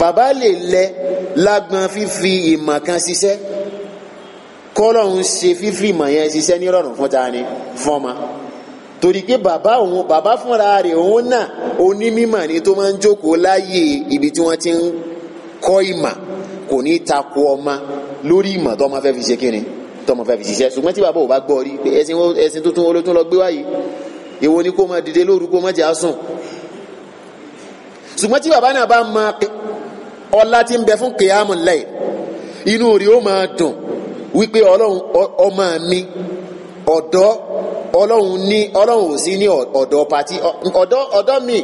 bàbá lè lẹ lágbọn fífi ìmọ̀ kan ṣiṣẹ́ kọ́lọ̀ ń ṣe fífi ìmọ̀ yẹn ṣiṣẹ́ nírọ̀rùn fún ta ni fọ́mọ torí pé bàbá òun bàbá fúnra rẹ̀ òun náà onímọ̀ ni tó máa ń jókòó láàyè ibi tí wọ́n ti ń kọ́ ìmọ̀ kò ní takò ọmọ lórí ìmọ̀ tó ọmọ fẹ́ fi ṣe kíni tó ọmọ fẹ́ fi ṣiṣẹ́ ṣùgbọ́n tí bàbá ò bá gbọ́ rí pé ẹ̀sìn ẹ̀sìn tuntun olótún lọ gbé wáyé èwo ni kó máa dìde lóru kó máa jẹ́ àsùn ṣùgbọ́n tí bàbá náà bá máa ọlá tí ń bẹ fún kìyàmù láyl inú rí ó máa dùn wípé ọlọ́run ọmọ mi ọ̀dọ́ ọlọ́run ní ọlọ́run ò sí ní ọ̀dọ́ pati ọ̀dọ́ ọ̀dọ́ mi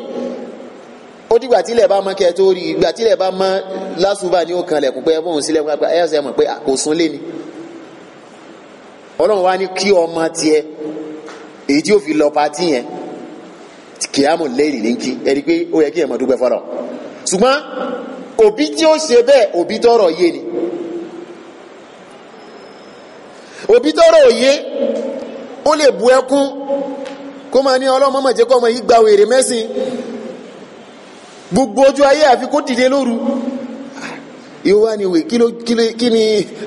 ó di gbà tílẹ̀ bá mọ́ kẹ́ tó rí gbà tílẹ̀ bá mọ́ lásùbà ní òkan lẹ̀kùn pé ẹbọ̀n sílẹ̀ pé ẹ ṣe mọ̀ pé kò sún lé ni ọlọ́run wá ní kí ọmọ tiẹ̀ èyí tí ó fi lọ patí yẹn kìámù lẹ́yìn ní kí ẹni pé ó yẹ kí ẹ̀mọ́ dúpẹ́ fọlọ́ ṣùgbọ́n òbí tí ó ṣe bẹ́ẹ̀ òbí tọrọ yé ni òbí tọrọ yé ó lè bu ẹkún kó máa ní ọlọ́mọ mọ̀jẹ́kọ́ ọmọ yìí gba wèrè mẹ́sìn gbogbo ojú ayé àfi kó dìde lóru ìwà ni wè kí ni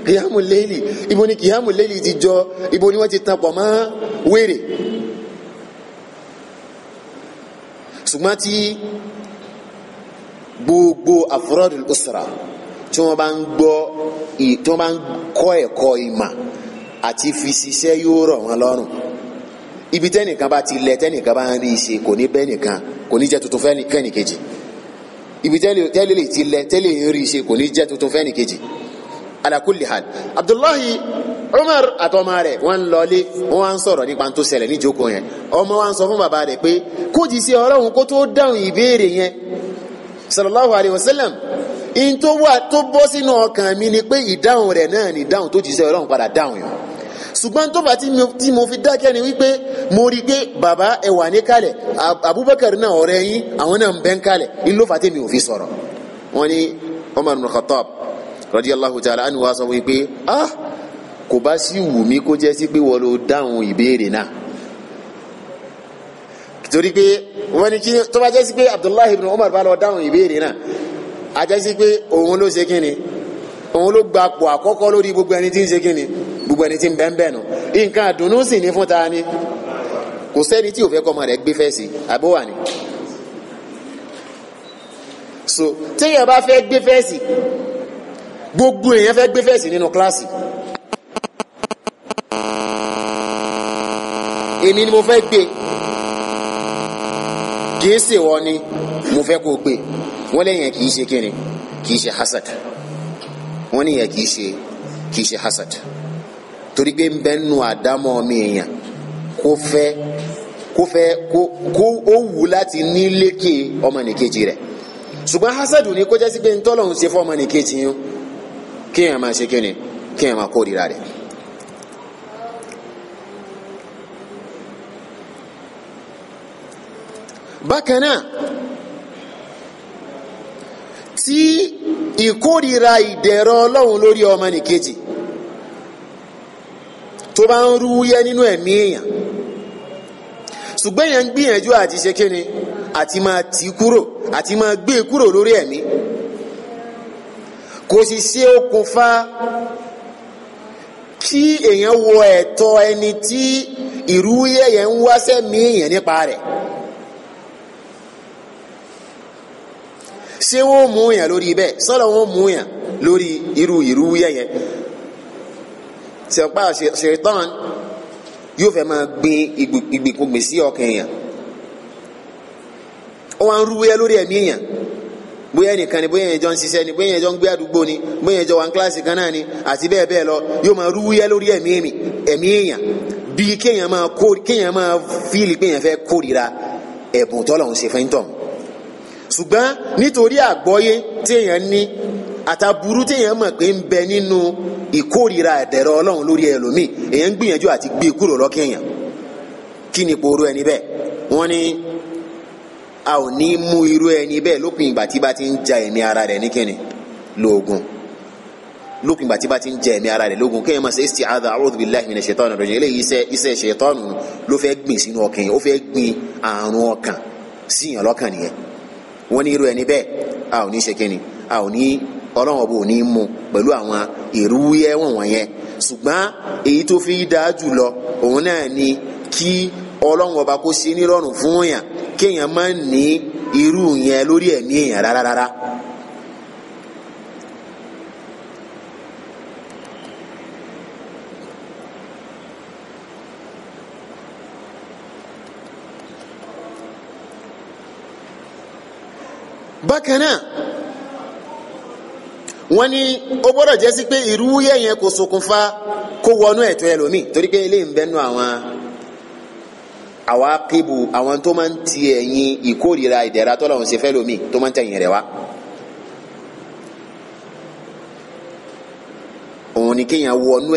kìyàmù lẹ́lì ibo ni kìyàmù lẹ́lì ti jọ ibo ni wọ́n ti tan pọ̀ mọ́ wèrè ṣùgbọ́n tí gbogbo àfúrọ́dù usra tí wọ́n bá ń gbọ́ tí wọ́n bá ń kọ́ ẹ̀kọ́ ìmọ̀ àti fi ṣiṣẹ́ yóò rọ̀ wọ́n lọ́rùn ibi tẹ́nìkan bá ti lẹ tẹ́nìkan bá ń rí i ṣe kò ní bẹ́ẹ̀ nìkan kò ní jẹ́ tuntun fẹ́ẹ́nì kejì ibi tẹ́lẹ̀ lè ti lẹ tẹ́lẹ̀ ń rí i ṣe kò ní jẹ́ tuntun fẹ́ni kejì ala kulli hal abdullahi umar àtọmọ rẹ̀ wọ́n ń lọlé wọ́n ń sọ̀rọ̀ nípa tó ṣẹlẹ̀ níjókòó yẹn ọmọ wa ń sọ fún bàbá rẹ̀ pé kó jì sí Ọlọ́run kó tó dáhùn ìbéèrè yẹn sallallahu alayhi wa sallam in tó wà tó bọ́ sínú ọkàn mi ni pé ìdáhùn rẹ̀ náà ni ìdáhùn tó jì sí Ọlọ́run padà dáhùn yẹn ṣùgbọ́n tó fà tí mo fi dákẹ́ ni wípé mo rí i pé bàbá ẹ wà ní kalẹ̀ Abubakar náà ọ̀rẹ́ yín àwọn náà ń bẹ́ ń kalẹ̀ ìlú tèmi ò fi sọ̀rọ̀ wọn ni Umar ibn Khattab radiyallahu ta'ala anhu wa sọ wípé ah kò bá sí wù mí kó jẹ́ sí pé wọ́n ló dáhùn ìbéèrè náà torí pé wọ́n ní kí tó bá jẹ́ sí pé Abdullahi ibn Umar bá lọ dáhùn ìbéèrè náà a jẹ́ sí pé òun ló ṣe kíni òun ló gbapò àkọ́kọ́ lórí gbogbo ẹni tí ń ṣe kíni gbogbo ẹni tí ń bẹ́ẹ̀ bẹ́ẹ̀ nù nǹkan àdùnnú sì ní fún ta ni kò sẹ́ni tí ò fẹ́ kọ́ ọmọ rẹ̀ gbé fẹ́ẹ̀sì àbó wà ní. so téèyàn bá fẹ́ gbé fẹ́ẹ̀sì gbogbo èèyàn fẹ́ gbé fẹ́ẹ̀sì nínú kíláàsì. èmi ni mo fẹ́ gbé kìí ṣe wọ ni mo fẹ́ kó gbé wọ́n lẹ́yìn kìí ṣe kíni kìí ṣe hasad wọ́n níyẹn kìí ṣe kìí ṣe hasad torí pé ń bẹ nu àdámọ́ ọmọ èèyàn kó fẹ́ kó fẹ́ kó ó wù láti ní lékè ọmọnìkejì rẹ̀ ṣùgbọ́n hasadu ni kó jẹ́ sí pé ntọ́lọ́hún ṣe fún ọmọnìkejì yín kí èèyàn máa ṣe kí ni kí èèyàn máa kórìíra rẹ̀. bákan náà tí ìkórìíra ìdẹ̀rọ ọlọ́run lórí ọmọnìkejì tó bá ń rúwúyẹ́ nínú ẹ̀mí èèyàn ṣùgbọ́n èèyàn ń gbìyànjú àti ṣe kíni àti máa tì í kúrò àti máa gbé e kúrò lórí ẹ̀mí kò sì ṣe okùnfà kí èèyàn wọ ẹ̀tọ́ ẹni tí ìrúwúyẹ́ yẹn ń wáṣẹ́ mí èèyàn nípa rẹ̀ ṣé wọ́n mú yàn lórí bẹ́ẹ̀ sọ́dọ̀ wọ́n mú yàn lórí irú ìrúwúyẹ́ yẹn sẹ̀pá ṣètọ́n yóò fẹ́ máa gbin ìgbìkúgbìn sí ọkàn èèyàn ó wá ń rúwúyẹ́ lórí ẹ̀mí èèyàn bóyá ẹnìkan ni bóyá ẹ̀jọ̀ ń ṣiṣẹ́ ni bóyá ẹ̀jọ̀ ń gbé àdúgbò ni bóyá ẹ̀jọ̀ wà ń kíláàsì kan náà ni àti bẹ́ẹ̀ bẹ́ẹ̀ lọ yóò máa rúwúyẹ́ lórí ẹ̀mí èèyàn bíi kéèyàn máa kó kéèyàn máa fíìlì pé fẹ́ kórìíra ẹ̀bùn tọ́lọ́hún ṣe fẹ́ ń tọ̀ ṣùgbọ́n nítorí àgbọ́yé téèyàn ní àtàbùrú téèyàn mọ̀ pé ń bẹ nínú ìkórira ẹ̀dẹ̀rọ ọlọ́run lórí ẹlòmíì èèyàn ń gbìyànjú àti gbé e kúrò lọ́kàn kí ni poro ẹni bẹ́ẹ̀ wọ́n ní a ò ní mú irú ẹni bẹ́ẹ̀ lópin ìgbà tí bá ti ń ja ẹ̀mí ara rẹ̀ níkẹ́ni lóògùn lópin ìgbà tí bá ti ń ja ẹ̀mí ara rẹ̀ lóògùn kéèyàn máa ṣe isti'adha a'udhu billahi minash shaitani rajim eléyìí iṣẹ́ iṣẹ́ ṣètọ́nù ló fẹ́ gbìn sínú ọkàn yẹn ó fẹ́ gbìn àrùn ọkàn síyàn lọ́kàn nìyẹn wọ́n ní irú ẹni bẹ́ẹ̀ a ò ní ṣe kíni a ò ní ọlọ́run ọba ò ní mú pẹ̀lú àwọn ìrúwúyẹ́ wọ̀n yẹn ṣùgbọ́n èyí tó fi dáa jù lọ òun náà ni kí ọlọ́run ọba kó ṣe nírọ̀rùn fún èèyàn kéèyàn má ní irú yẹn lórí ẹ̀mí èèyàn rárá bákan náà wọ́n ní o gbọ́dọ̀ jẹ́ sí pé ìrúwúyẹ́ yẹn kò ṣokùnfà kó wọnú ẹ̀tọ́ ẹlòmíì torí pé eléyìí ń awọn àwọn àwa pébù àwọn tó máa ń ti ẹ̀yìn ìkórìíra ìdẹ̀ra tọ́lọ́run ṣe fẹ́ lómi tó máa ń tẹ̀yìn rẹ̀ wá. òun ni kéèyàn wọnú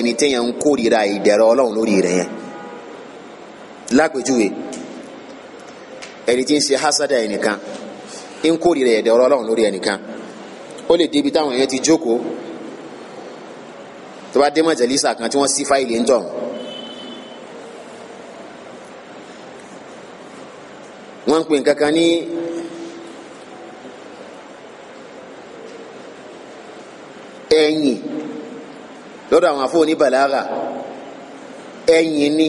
ẹni téèyàn ń kórìíra ìdẹ̀ra ọlọ́run lórí yẹn ẹni tí ń ṣe hásádà ẹnìkan ń ó lè débi táwọn èèyàn ti jókòó tó bá dé mọ̀jẹ̀lísà kan tí wọ́n sí fáìlì ń tọ̀hún. wọ́n ń pè nǹkan kan ní ẹ̀yìn lọ́dọ̀ àwọn afọ́ oníbàlára ẹ̀yìn ni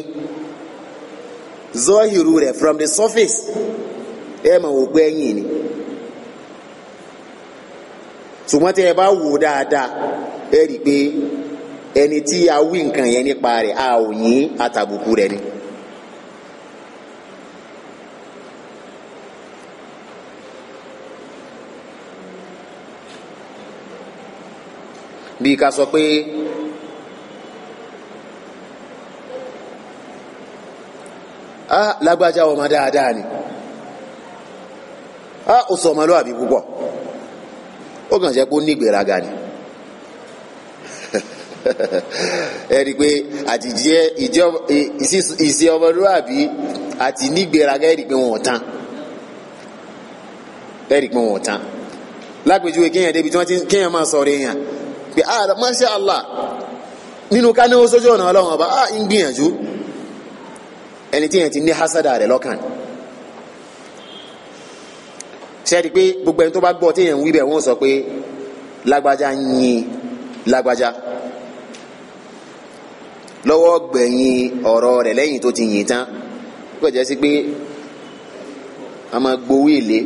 zọ́hìrù rẹ̀ from the surface ẹ̀ mọ̀ wò pé ẹ̀yìn ni ṣùgbọ́n tí ẹ bá wò dáadáa ẹ rí i pé ẹni tí a wí nǹkan yẹn nípa rẹ̀ a ò yín àtàbùkù rẹ̀ ni. bí ká sọ pé a lágbájá ọmọ dáadáa ni a ò sọ ọmọlúwàbí púpọ̀ ó kàn ṣe pé ó ni ẹ rí i pé àti jẹ ìṣe ọmọlúwàbí àti nígbéraga ẹ rí i pé wọn ò tán ẹ rí i pé wọn ò tán lápèjúwe kéèyàn débi tí wọn ti kéèyàn máa sọ̀rọ̀ èèyàn pé ah masha allah nínú ká sójú ọ̀nà ọlọ́run ọba ah ń gbìyànjú ẹni tí yẹn ti ní hasada rẹ̀ lọ́kàn ni sẹ́ẹ̀dì pé gbogbo ẹni tó bá gbọ́ téèyàn wí bẹ̀ wọ́n sọ pé lágbájá yin lágbájá lọ́wọ́ gbẹ̀yìn ọ̀rọ̀ rẹ̀ lẹ́yìn tó ti yìn tán kò jẹ́ sí pé a máa gbowó èlé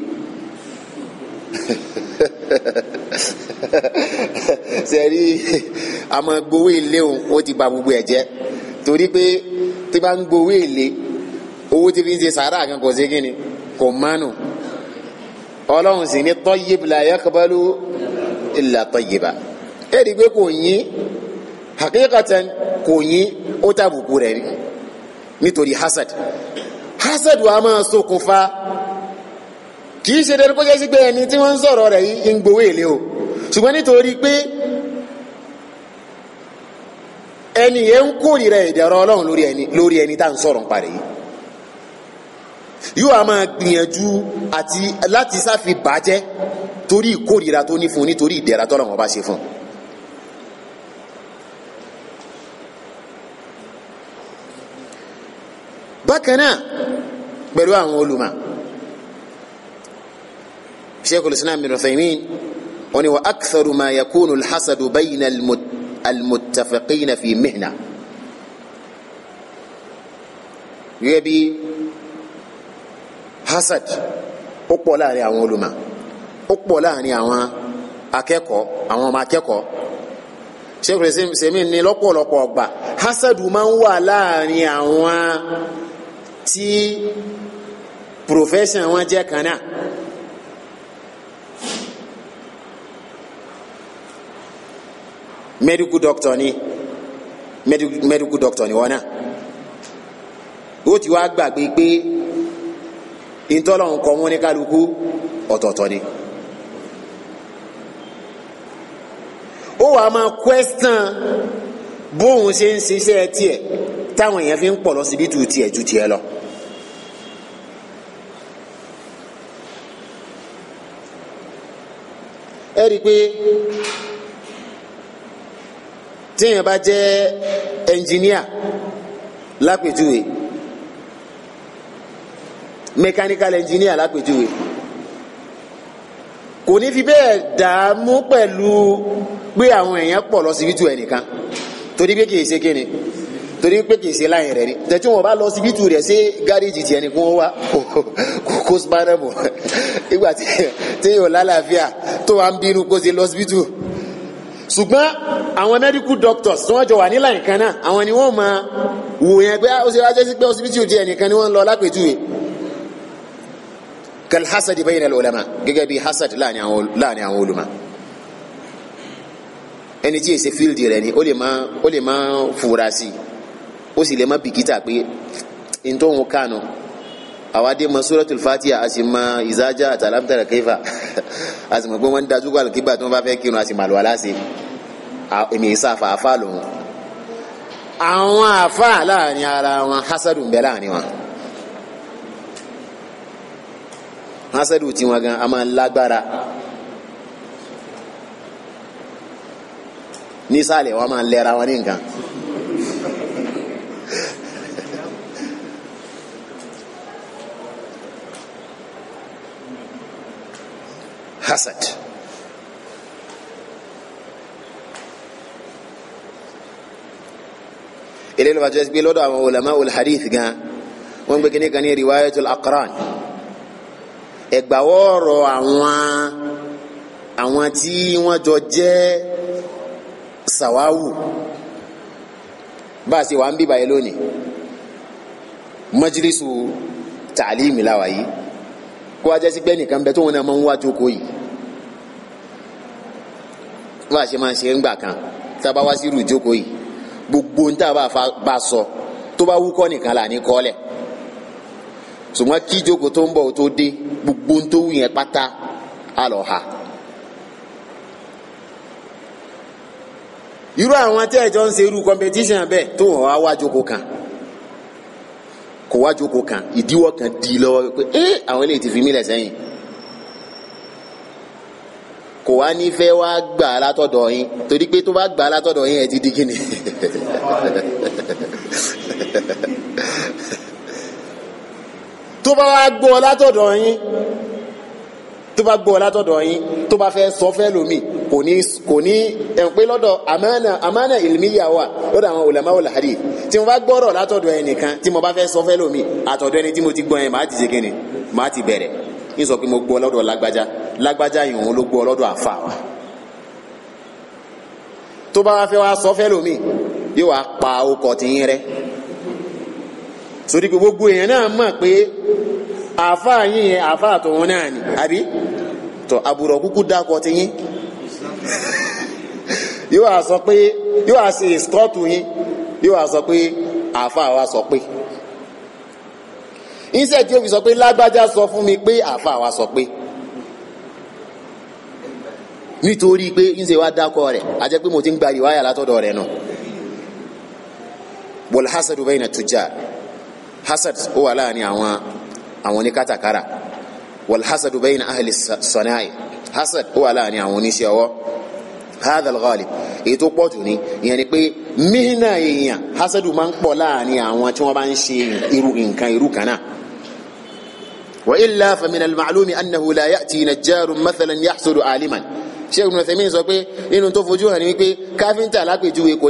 sẹ́ẹ̀rí a máa gbowó èlé òun ó ti ba gbogbo ẹ̀ jẹ́ torí pé tí bá ń gbowó èlé owó tí fi ń ṣe sàárà kan kò sí kí ni kò mánu ọlọ́run sì ní tayyib la yaqbalu illa tayyiba ẹ̀rí pé kò yín hakikatan kò yín ó tàbùkù rẹ̀ rí nítorí hasad hasad wa máa ṣokùnfà kì í ṣe dandan kó jẹ́ sí pé ẹni tí wọ́n ń sọ̀rọ̀ rẹ̀ yìí ń gbowó èlé o ṣùgbọ́n nítorí pé ẹni yẹn ń kórìíra ìdẹ̀rọ̀ ọlọ́run lórí ẹni tá à ń sọ̀rọ̀ ń parí yìí yóò a máa gbìyànjú àti láti sáfi bàjẹ́ torí ìkórìíra tó ní fún nítorí ìdẹ̀ra tọ́lọ̀ wọn bá ṣe fún. bákan náà pẹ̀lú àwọn olùmọ̀ Sheikhul Islam Ibn Uthaymeen wọ́n ní wa aktharu ma yakunu alhasadu bayna almuttafaqina fi mihna. gẹ́gẹ́ hasad ó pọ̀ láàrin àwọn olùmọ̀ ó pọ̀ láàrin àwọn akẹ́kọ̀ọ́ àwọn ọmọ akẹ́kọ̀ọ́ sèkúrè sèmi ní lọ́pọ̀lọpọ̀ ọgbà hasadu máa ń wà láàrin àwọn tí profession wọn jẹ́ kan náà medical doctor ni medical doctor ni wọn náà ó ti wá gbàgbé pé ìtọ́lọ̀ nǹkan mú ní kálukú ọ̀tọ̀ọ̀tọ̀ ni. ó wàá máa kwẹ́sítàn bóun ṣe ń ṣiṣẹ́ tiẹ̀ táwọn èèyàn fi ń pọ̀ lọ síbi tù tiẹ̀ ju tiẹ̀ lọ. ẹ rí i pé téèyàn bá jẹ́ ẹnjìníà lápèjúwe mechanical engineer lápèjúwe kò ní fi bẹ́ẹ̀ dààmú pẹ̀lú pé àwọn èèyàn pọ̀ lọ síbítù ẹnìkan torí pé kìí ṣe kíni torí pé kìí ṣe láyìn rẹ̀ ni tẹ̀tí wọn bá lọ síbítù rẹ̀ ṣé gáréjì tiẹ̀ nìkan wá kó kó ìgbà tí yóò lálàáfíà tó wà ń bínú kó ṣe lọ ṣùgbọ́n àwọn medical doctors tí wọ́n jọ wà ní láyìn kan náà àwọn ni wọ́n máa wò yẹn pé ah, ó ṣe wá jẹ́ pé ọsibítù tiẹ̀ nìkan ni wọ́n ń lọ lápèjúwe kal hasadi bayna al ulama gẹ́gẹ́ bí hasad láàrin àwọn olùmọ̀ ẹni tí èsè fíìlì rẹ̀ ni ó lè má ó lè má fura sí i ó sì lè má bìkítà pé n tó ń kànú àwa dé ma suratul fatiha a sì ma izaja atalamtara kaifa a sì mọ̀ pé wọ́n ń dájú kó àlùkíbà tí wọ́n bá fẹ́ kírun a sì mà lọ aláṣẹ èmi ìsàfà àfà ara wọn hasadu ń bẹ láàrin wọn. hasadu tiwọn gan a máa lágbára nísàlẹ̀ wọn máa lẹ́ra wọn ní nǹkan. hasad eléyìí ló bá jẹ́ pé lọ́dọ̀ àwọn ulama ul hadith gan wọ́n gbé kínní kan ní riwayatul aqran. ẹ̀gbàwọ́ ọ̀rọ̀ àwọn àwọn tí wọ́n jọ jẹ́ sàwáwù bá a ṣe wà ń bíbá yẹn lónìí mọ́jírísù tàlímì láwa yìí kó wá jẹ́ sí pé nìkan bẹ tóun náà máa ń wá jókòó yìí bá a ṣe máa ṣe ń gbà kan tá a bá wá sí irú ìjókòó yìí gbogbo ń tá a bá sọ tó bá wúkọ́ nìkan là ní kọ́lẹ̀ ṣùgbọ́n kí ìjókòó tó ń bọ̀ tó dé gbogbo ń tó wù yẹn pátá á lọ ha. irú àwọn tí ẹjọ́ ń ṣe irú competition bẹ́ẹ̀ tó hàn á wá jókòó kan kò wá jókòó kan ìdíwọ́ kan di lọ́wọ́ pé ẹ́ eh, àwọn eléyìí ti fi mílẹ̀ sẹ́yìn kò wá ní fẹ́ wá gbà á látọ̀dọ̀ yín torí pé tó bá gbà á látọ̀dọ̀ yín ẹ ti di kíni. tó bá wá gbọ́ látọ̀dọ̀ yín tó bá gbọ́ látọ̀dọ̀ yín tó bá fẹ́ sọ fẹ́ lómi kò ní kò ní ẹ̀ lọ́dọ̀ amánà amánà ìlmíyà wà lọ́dọ̀ àwọn ulama ul hadith tí mo bá gbọ́rọ̀ látọ̀dọ̀ yẹn nìkan tí mo bá fẹ́ sọ fẹ́ lómi àtọ̀dọ̀ ẹni tí mo ti gbọ́ yẹn màá ti ṣe kíni màá ti bẹ̀rẹ̀ ń sọ pé mo gbọ́ lọ́dọ̀ lágbájá lágbájá yìí òun ló gbọ́ lọ́dọ̀ àfa wa tó bá wá fẹ́ wá sọ fẹ́ lómi yóò wá pa okọ̀ tìyín rẹ́ torí pé gbogbo èèyàn náà mọ̀ pé àáfàá yín yẹn àáfàá tòun náà ni àbí tọ àbùrọ̀ kúkú dákọ̀ ti yín yóò wá sọ pé yóò wá ṣe ìskọ́ọ̀tù yín yóò wá sọ pé àáfàá wa sọ pé iṣẹ́ tí ó fi sọ pé lágbájá sọ fún mi pé àáfàá wa sọ pé nítorí pé iṣẹ́ wa dákọ̀ rẹ̀ a pé mo ti ń gba ìwáyà látọ̀dọ̀ rẹ̀ nù wal hasadu bayna tujjar hasad ó wà láàrin àwọn àwọn oníkátàkárà wal hasadu bayna ahli sana'i hasad ó wà láàrin àwọn oníṣẹ́ ọwọ́ hadal ghalib èyí tó pọ̀ jù ni ìyẹn ni pé mihna èèyàn hasadu máa ń pọ̀ láàrin àwọn tí wọ́n bá ń ṣe irú nǹkan irú kan náà. وإلا فمن المعلوم أنه لا يأتي نجار مثلا يحصد عالما sheikh ibn Uthaymin sọ pé nínú tó fojú hàn ni wípé káfíńtà lápèjúwe kò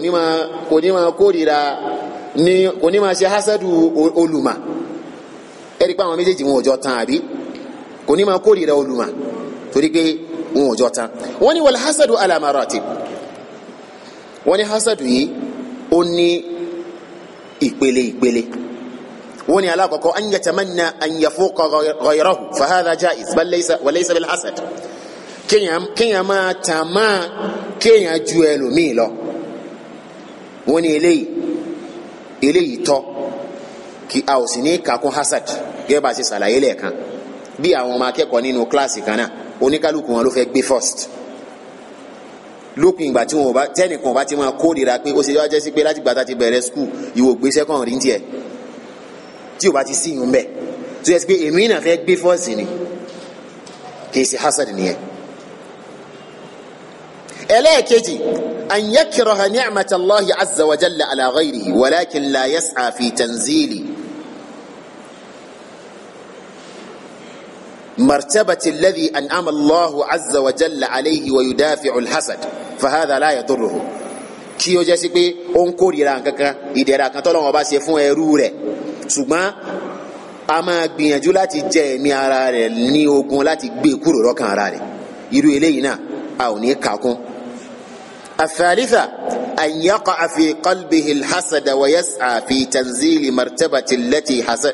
ní máa kò ni onímọ̀ ṣe hasadu olùmọ̀ ẹ̀rí pé àwọn méjèèjì wọn ò jọ tán àbí onímọ̀ kórìíra olùmọ̀ torí pé wọn ò jọ tán wọ́n ní wal hasadu ala maratib wọ́n ní hasadu yìí ó ní ìpele ìpele wọ́n ní alákọ̀ọ́kọ́ an yatamanna an yafuqa ghayrahu fa bil hasad kéèyàn máa tàn máa kéèyàn ju ẹlòmíì lọ wọ́n ní eléyìí eléyìí tọ́ kí a ò sì ní kakún hasad gẹ́gẹ́ bá a ṣe ṣàlàyé lẹ́ẹ̀kan bí àwọn ọmọ akẹ́kọ̀ọ́ nínú kíláàsì kan náà oníkálukú wọn ló fẹ́ gbé first lópin ìgbà tí wọn ò bá tẹnìkan ò bá ti máa kórìíra pé ó ṣe wá jẹ́ sí pé láti gbàtà ti bẹ̀rẹ̀ skul ìwò gbé second rí tiẹ̀ tí ò bá ti sí ìyún bẹ́ẹ̀ tó yẹ sí pé èmi náà fẹ́ gbé first ni kì í ṣe hasad nìyẹn ẹlẹ́ẹ̀kejì an yakraha ni'matallahi azza wa jalla ala ghayrihi walakin la yas'a fi tanzili مرتبة الذي أنعم الله عز وجل عليه ويدافع الحسد فهذا لا يضره kí ó jẹ́ sí pé ó ń kórìíra kankan ìdẹ̀ra kan tọ́lọ́wọ́n bá ṣe fún ẹrú rẹ̀ ṣùgbọ́n a máa gbìyànjú láti jẹ ẹ̀mí ara rẹ̀ ní ogun láti gbé e kúrò lọ́kàn ara rẹ̀ irú eléyìí náà a ò ní kà kún الثالثة أن يقع في قلبه الحسد ويسعى في تنزيل مرتبة التي حسد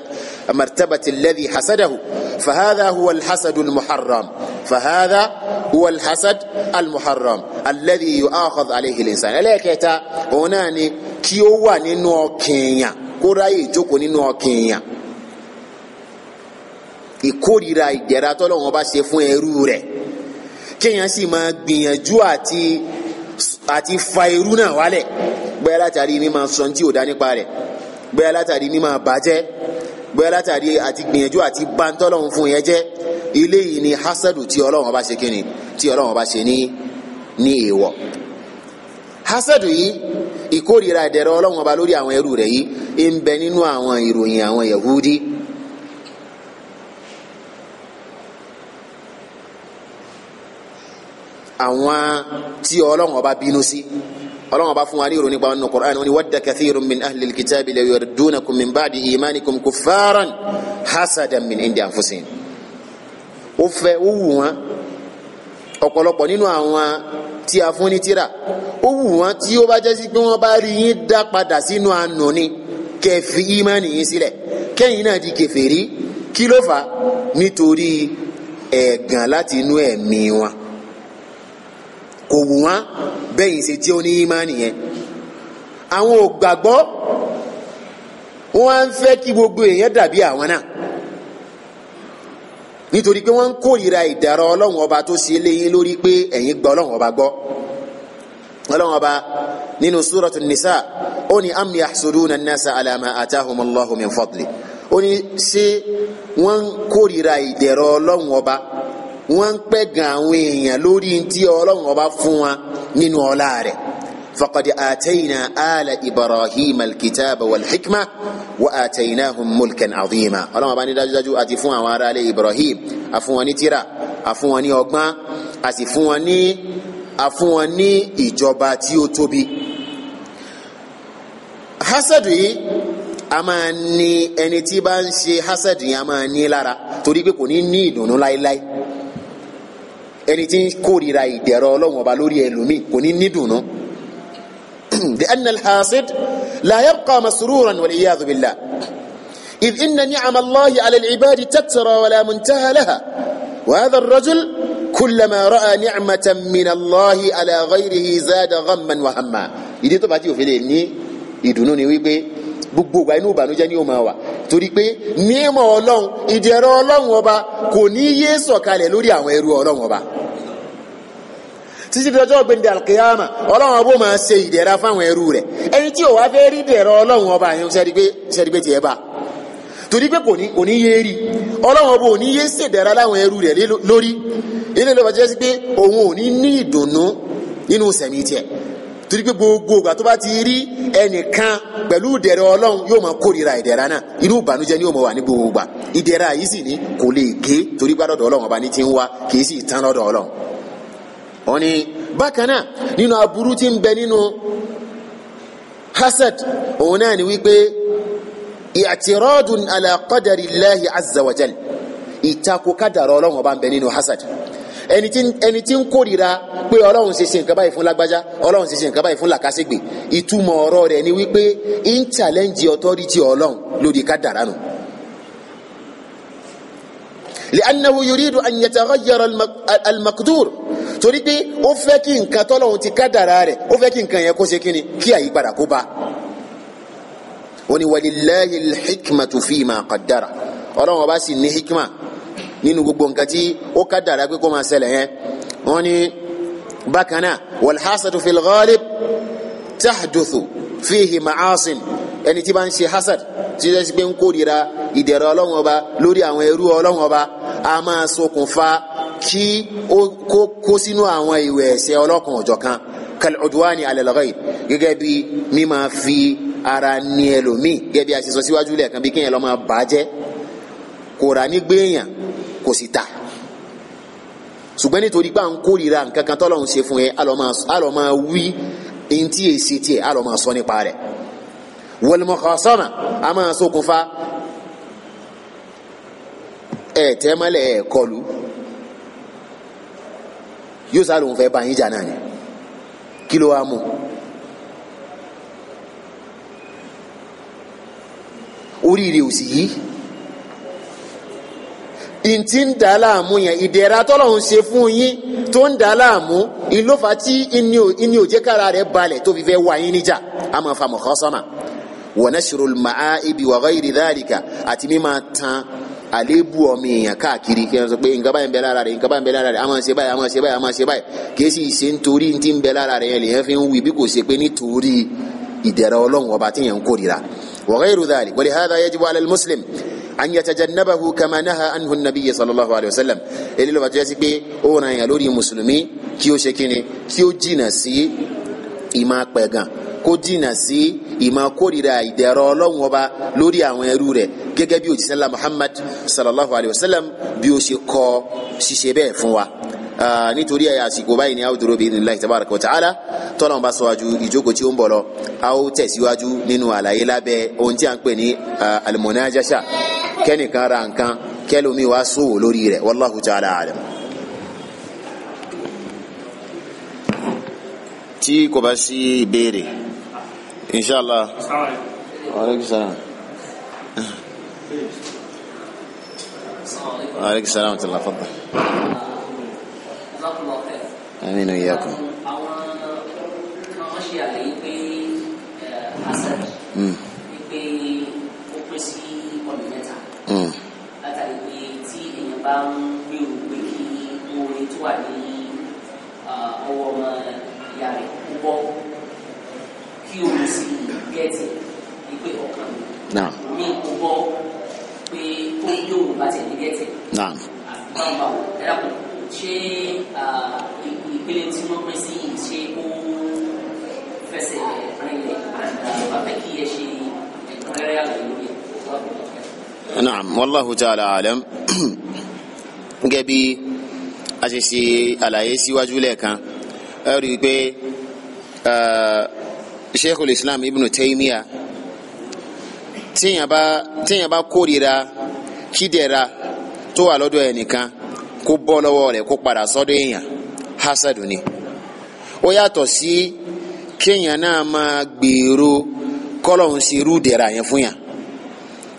مرتبة الذي حسده فهذا هو الحسد المحرم فهذا هو الحسد المحرم الذي يؤاخذ عليه الإنسان ẹlẹ́kẹta òun náà ni kí ó wà nínú ọkẹ̀yàn كينيا ráyè jókòó nínú ọkẹ̀yàn ìkórira ìdẹ̀ra tọ́lọ́wọ́n bá ṣe fún ẹrú rẹ̀ kéèyàn sì máa gbìyànjú àti àti fa irú náà wálẹ̀ bóyá látàrí mímọ sọ́n tí ò dá nípa rẹ̀ bóyá látàrí mímọ bàjẹ́ bóyá látàrí àti gbìyànjú àti bantọ́lọ́hún fún yẹn jẹ́ ilé ni hasadu tí ọlọ́run ọba ṣe kíni tí ọlọ́run ọba ṣe ní ní èèwọ̀ hasadu yìí ìkórìíra ìdẹ̀rẹ̀ ọlọ́run ọba lórí àwọn ẹrú rẹ̀ yìí ń bẹ nínú àwọn ìròyìn àwọn yahudi. àwọn tí ọlọ́run ọba bínú sí ọlọ́run ọba fún wa ní ìròyìn nípa ọ̀nà Qur'an ni wadda kathirun min ahlil kitabi la yardunakum min ba'di imanikum kuffaran hasadan min indi anfusihim ó fẹ́ ó wù wọ́n ọ̀pọ̀lọpọ̀ nínú àwọn tí a fún ní tírà ó wù wọ́n tí ó bá jẹ́ sí pé wọ́n bá rí yín dá padà sínú àánú ni kẹfì ìmánì yín sílẹ̀ kẹ́yìn náà di kèfèrí kí ló fà nítorí ẹ̀gàn láti inú ẹ̀mí wọn kò wù wọ́n bẹ́yìn ṣe jẹ́ oní ìmánì yẹn àwọn ò gbàgbọ́ wọ́n á ń fẹ́ kí gbogbo èèyàn dàbí àwọn náà nítorí pé wọ́n ń kórìíra ìdàrọ ọlọ́run ọba tó ṣe léyìn lórí pé ẹ̀yin gba ọlọ́run ọba gbọ́ ọlọ́run ọba nínú súrọ̀tún nìsá ó ní am yahsuduna an-nasa ala ma atahum Allahu min ó ní ṣé wọ́n ń kórìíra ìdẹ̀rọ ọlọ́run ọba wọ́n ń pẹ̀gàn àwọn èèyàn lórí ntí ọlọ́run ọba fún wa nínú ọlá rẹ̀ faqad atayna ala ibrahim alkitaba walhikma wa ataynahum mulkan azima ọlọ́run ọba ní dájúdájú àti fún àwọn ará ilé ibrahim àfún wọn ní tírà àti fún wọn ìjọba tí ó tóbi hasadu yìí a máa ní ẹni tí bá ń ṣe hasadu yìí a máa ní lára torí pé kò ní ní ìdùnnú láéláé ẹni tí ń kórira ìdẹ̀rọ ọlọ́run ọba lórí ẹlòmíì kò ní ní dùnú. di anna alhasid la yabqa masruran wal iyadu billah idh inna ni'ama allahi ala al-ibadi tattara wala muntaha laha wa hadha ar-rajul kullama ra'a ni'matan min allahi ala ghayrihi zada ghamman wa hamma ìdí tó bá ti òfin lè ní ìdùnnú ni wípé gbogbo ìgbà inú ìbànújẹ́ ni ó máa wà torí pé nímọ̀ ọlọ́run ìdẹ̀rọ̀ ọlọ́run ọba kò ní yé sọ̀kalẹ̀ lórí àwọn ẹrú ọlọ́run ọba títí ọjọ́ gbẹ̀ndẹ̀ alkiyama ọlọ́run ọba máa ṣe ìdẹ̀ra fáwọn ẹrú rẹ̀ ẹni tí fẹ́ rí ọlọ́run ọba yẹn pé tiẹ̀ torí pé kò ní yé rí ọlọ́run ò ní yé ṣèdẹ̀ra láwọn ẹrú rẹ̀ lórí ilé sí pé torí pé gbogbo ìgbà tó bá ti rí ẹnìkan pẹ̀lú ìdẹ̀rẹ̀ ọlọ́run yóò máa kórìíra ìdẹ̀ra náà inú ìbànújẹ́ ni yóò máa wà ní gbogbo ìgbà ìdẹ̀ra yìí sì ni kò lè gé torí gbàdọ̀dọ̀ ọlọ́run ọba ní ti ń wá kì í sì tán lọ́dọ̀ ọlọ́run. wọ́n ní bákan náà nínú aburú tí ń bẹ nínú hasad òun náà ni wípé i'tiradun ala qadarillahi azza wa ọlọ́run ọba ń bẹ nínú hasad ẹni tí ẹni tí ń kórira pé ọlọ́run ṣe ṣe nǹkan báyìí fún lágbájá ọlọ́run ṣe ṣe nǹkan báyìí fún làkàṣègbè ìtumọ̀ ọ̀rọ̀ rẹ̀ ni wípé ń challenge authority ọlọ́run lórí kádàrá nù. لأنه يريد أن يتغير المقدور torí pé ó fẹ́ kí nǹkan tọ́lọ́hun ti kádàrá rẹ̀ ó fẹ́ kí nǹkan yẹn kó ṣe kíni kí àyípadà kó bá ó ní walillahi alhikmatu fima qaddara ọlọ́run ọba sì ní hikma nínú gbogbo nǹkan tí ó kádàrá pé kó máa ṣẹlẹ̀ yẹn wọ́n ní bákan náà walhasadu fil ghalib tahduthu fihi ma'asin ẹni tí bá ń ṣe hasad tí ó ṣe pé ń kórira ìdẹ̀rẹ̀ ọlọ́run ọba lórí àwọn ẹrú ọlọ́run ọba a máa ṣokùnfà kí ó kó sínú àwọn ìwẹ̀ ẹ̀ṣẹ̀ ọlọ́kan ọ̀jọ̀kan kal'udwani ala al gẹ́gẹ́ bí mímá fi ara ní ẹlòmíì gẹ́gẹ́ bí a ṣe sọ síwájú lẹ́ẹ̀kan bí kéèyàn lọ́ máa bàjẹ́ kò rà ní kò sì ta ṣùgbọ́n nítorí pé à ń kórìíra nǹkan kan tọ́lọ̀ ń ṣe fún yẹn alọ́ máa wí ntí èsì tiẹ̀ alọ́ máa sọ nípa rẹ̀ wọlmọ̀kọ́sọ́mà a máa ṣokùnfà ẹ̀ tẹ́mọ́lẹ̀ ẹ̀ kọlu yóò sá lòun fẹ́ bá yín jà náà ni kí ló wá mú oríire ò sì ntí ń dà láàmú yẹn ìdẹ̀ra tọ́lọ́hún ṣe fún yín tó ń dà láàmú ìlófà tí ìní òjẹ́kára rẹ̀ balẹ̀ tó fi fẹ́ wà yín níjà a máa fa mọ̀kọ́sọ́mà wa nashrul ma'aibi wa ghayri dhalika àti mímá tan àléébù ọmọ èèyàn káàkiri kí wọ́n sọ pé nǹkan báyìí ń bẹ lára rẹ̀ nǹkan báyìí ń bẹ lára rẹ̀ a máa ṣe báyìí a máa ṣe báyìí a máa ṣe báyìí kìí sì ṣe nítorí ti ń bẹ lára rẹ̀ yẹn lèyàn fi ń wí bí kò ṣe pé nítorí ìdẹ̀ra ọlọ́run ọba tí ń kórira wa ghayru dhalika wa li hadha yajibu ala al-muslim an yatajannabahu kama naha anhu nabiyyi sallallahu alayhi wa sallam èyí ló bá tó yẹ sí pé ó ràn yàn lórí mùsùlùmí kí ó ṣe kíni kí ó jìnà sí ìmọ̀ pẹ̀gàn kó jìnnà sí ìmọ̀ kórìíra ìdẹ̀rọ̀ ọlọ́run ọba lórí àwọn ẹrú rẹ̀ gẹ́gẹ́ bí òjíṣẹ́ ńlá muhammad sallallahu alayhi wa sallam bí ó ṣe kọ́ ṣiṣẹ́ bẹ́ẹ̀ fún wa nítorí ẹ̀yà àsìkò báyìí ni a ó dúró bí idhnillahi tabaraka wa ta'ala tọ́lọ́run bá sọ́wájú ìjókòó tí ó ń bọ̀ lọ a ó tẹ̀síwájú nínú àlàyé lábẹ́ ohun tí a ń pè ní almonajasha kẹ́nìkan ra nǹkan kẹ́lómi wàá sòwò lórí rẹ̀ wallahu ta'ala alam. tí kò bá sí ìbéèrè inshallah. aleykum salaam. aleykum salaam wa rahmatulah fadda. Mm. látàrí pé tí èèyàn bá ń gbèrò pé kí orin tó wà ní ọwọ́ ọmọ ìyá rẹ̀ kó bọ́ kí orin sì gẹ̀ẹ́tì ní pé ọkàn mi kó bọ́ pé ó yóò bá tẹ̀lé gẹ̀ẹ́tì. báwo ẹ dàpọ̀ ṣé ìpele tí wọ́n pín sí yìí ṣé ó fẹsẹ̀ rinlẹ̀ àti bàbá kí ẹ ṣe ẹ̀kúnrẹ́rẹ́ àlàyé lórí ẹ̀kọ́ naam wallahu ta'ala alam gẹ́gẹ́ bí a ṣe ṣe àlàyé síwájú lẹ́ẹ̀kan ẹ rí i pé islam ibn taymiya tíyàn bá tíyàn kídẹ̀ra tó wà lọ́dọ̀ ẹnìkan kó bọ́ lọ́wọ́ rẹ̀ kó padà sọ́dọ̀ èèyàn hasadu ni ó yàtọ̀ sí kéèyàn náà máa gbèrò kọ́lọ́hún yẹn fún yàn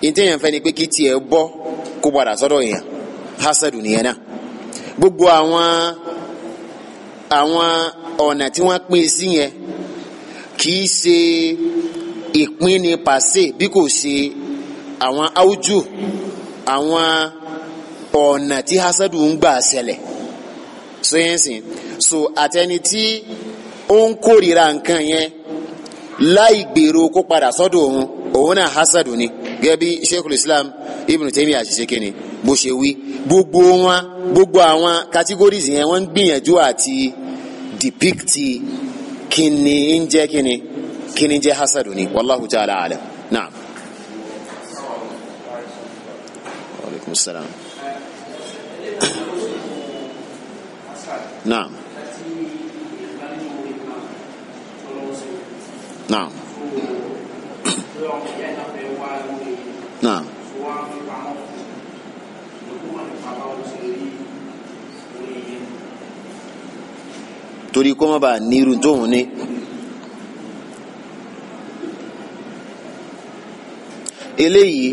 ìtẹ̀yàn fẹ́ ni pé kiti tiẹ̀ bọ́ kó padà sọ́dọ̀ hasadu gbogbo àwọn àwọn ọ̀nà tí wọ́n pín sí yẹn ṣe ìpínni pàṣẹ bí kò ṣe àwọn àwọn ọ̀nà tí hasadu ń gbà ṣẹlẹ̀ so tí ó ń nǹkan láì gbèrò kó padà òun òun gẹ́gẹ́ bí Islam Ibn Taymiyyah àṣìṣe bó ṣe wí gbogbo wọn gbogbo àwọn categories yẹn wọ́n ń gbìyànjú àti depict kínní ń kini kínní kínní jẹ́ hasadu ni wallahu ta'ala alam naam. naam. naam. torí kó má bàa ní irú tóun ní. eléyìí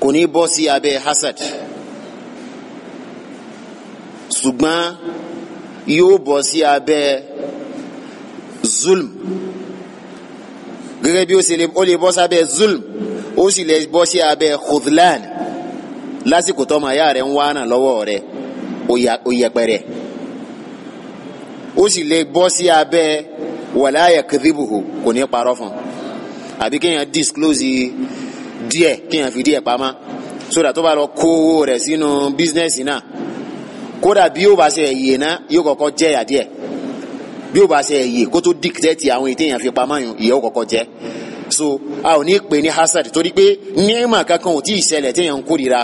kò ní bọ́ sí abẹ́ hasad ṣùgbọ́n yóò bọ́ sí abẹ́ zulm gẹ́gẹ́ bí ó lè bọ́ sí abẹ́ zulm ó sì lè bọ́ sí abẹ́ khudlan lásìkò tó ma yá rẹ̀ ń wá náà lọ́wọ́ rẹ̀ ó yẹpẹrẹ. ó sì lè bọ́ sí abẹ́ wàláyà kìdìbùhù kò ní parọ́ fún un àbí kéèyàn disclose díẹ̀ kéèyàn fi díẹ̀ pamọ́ sódà tó bá lọ kó owó rẹ̀ sínú bísínẹ́sì náà kódà bí yóò bá ṣe yè ná yóò kọ́kọ́ jẹ́ yà díẹ̀ bí yóò bá ṣe yè kó tó dictate àwọn ètè èèyàn fi pamọ́ kọ́kọ́ jẹ́ so a ò ní pè ní hasad torí pé níyẹ̀mà kankan ò tí ì ṣẹlẹ̀ ń kórira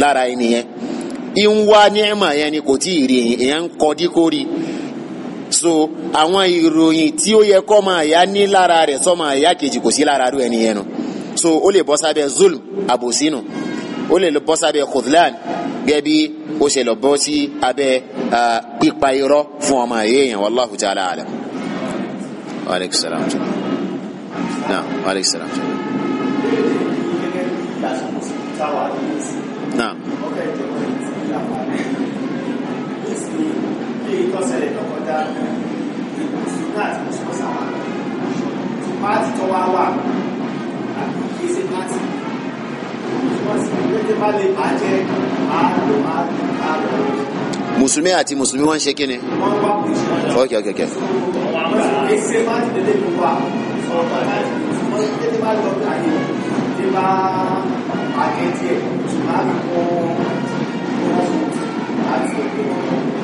lára yẹn ni kò tí ì rí ń so àwọn ìròyìn tí ó yẹ kọ́ máa yá ní lára rẹ̀ sọ máa yá kejì kò sí lára rú ẹni yẹn nu so ó lè bọ́ sábẹ́ zulm àbòsínú ó lè bọ́ sábẹ́ kudlan. gẹ́bí ó ṣe lọ bọ́ sí abẹ́ pípa irọ́ fún ọmọ èèyàn wallahu ta'ala alam. aleykum salaam naam aleykum salaam. ìtọ́sẹ̀lẹ̀ lọ́kọjá ìgbòsùn àti mùsùlùmí sáwà pàtì tó wá wà àti kìí ṣe pàtì mùsùlùmí wọ́n ń ṣe kí ni ok ok ok. Thank you.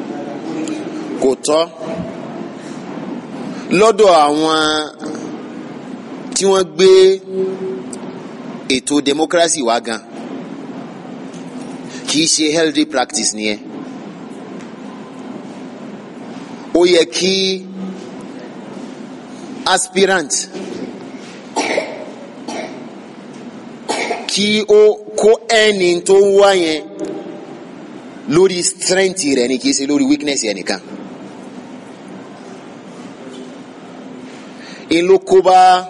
kò tọ́ lọ́dọ̀ àwọn tí wọ́n gbé ètò democracy wá gan kì ṣe healthy practice nìyẹn ó yẹ kí aspirant kí ó kó ẹni tó ń wá yẹn lórí strength rẹ̀ ni kì ṣe lórí weakness yẹn nìkan ìlú kó bá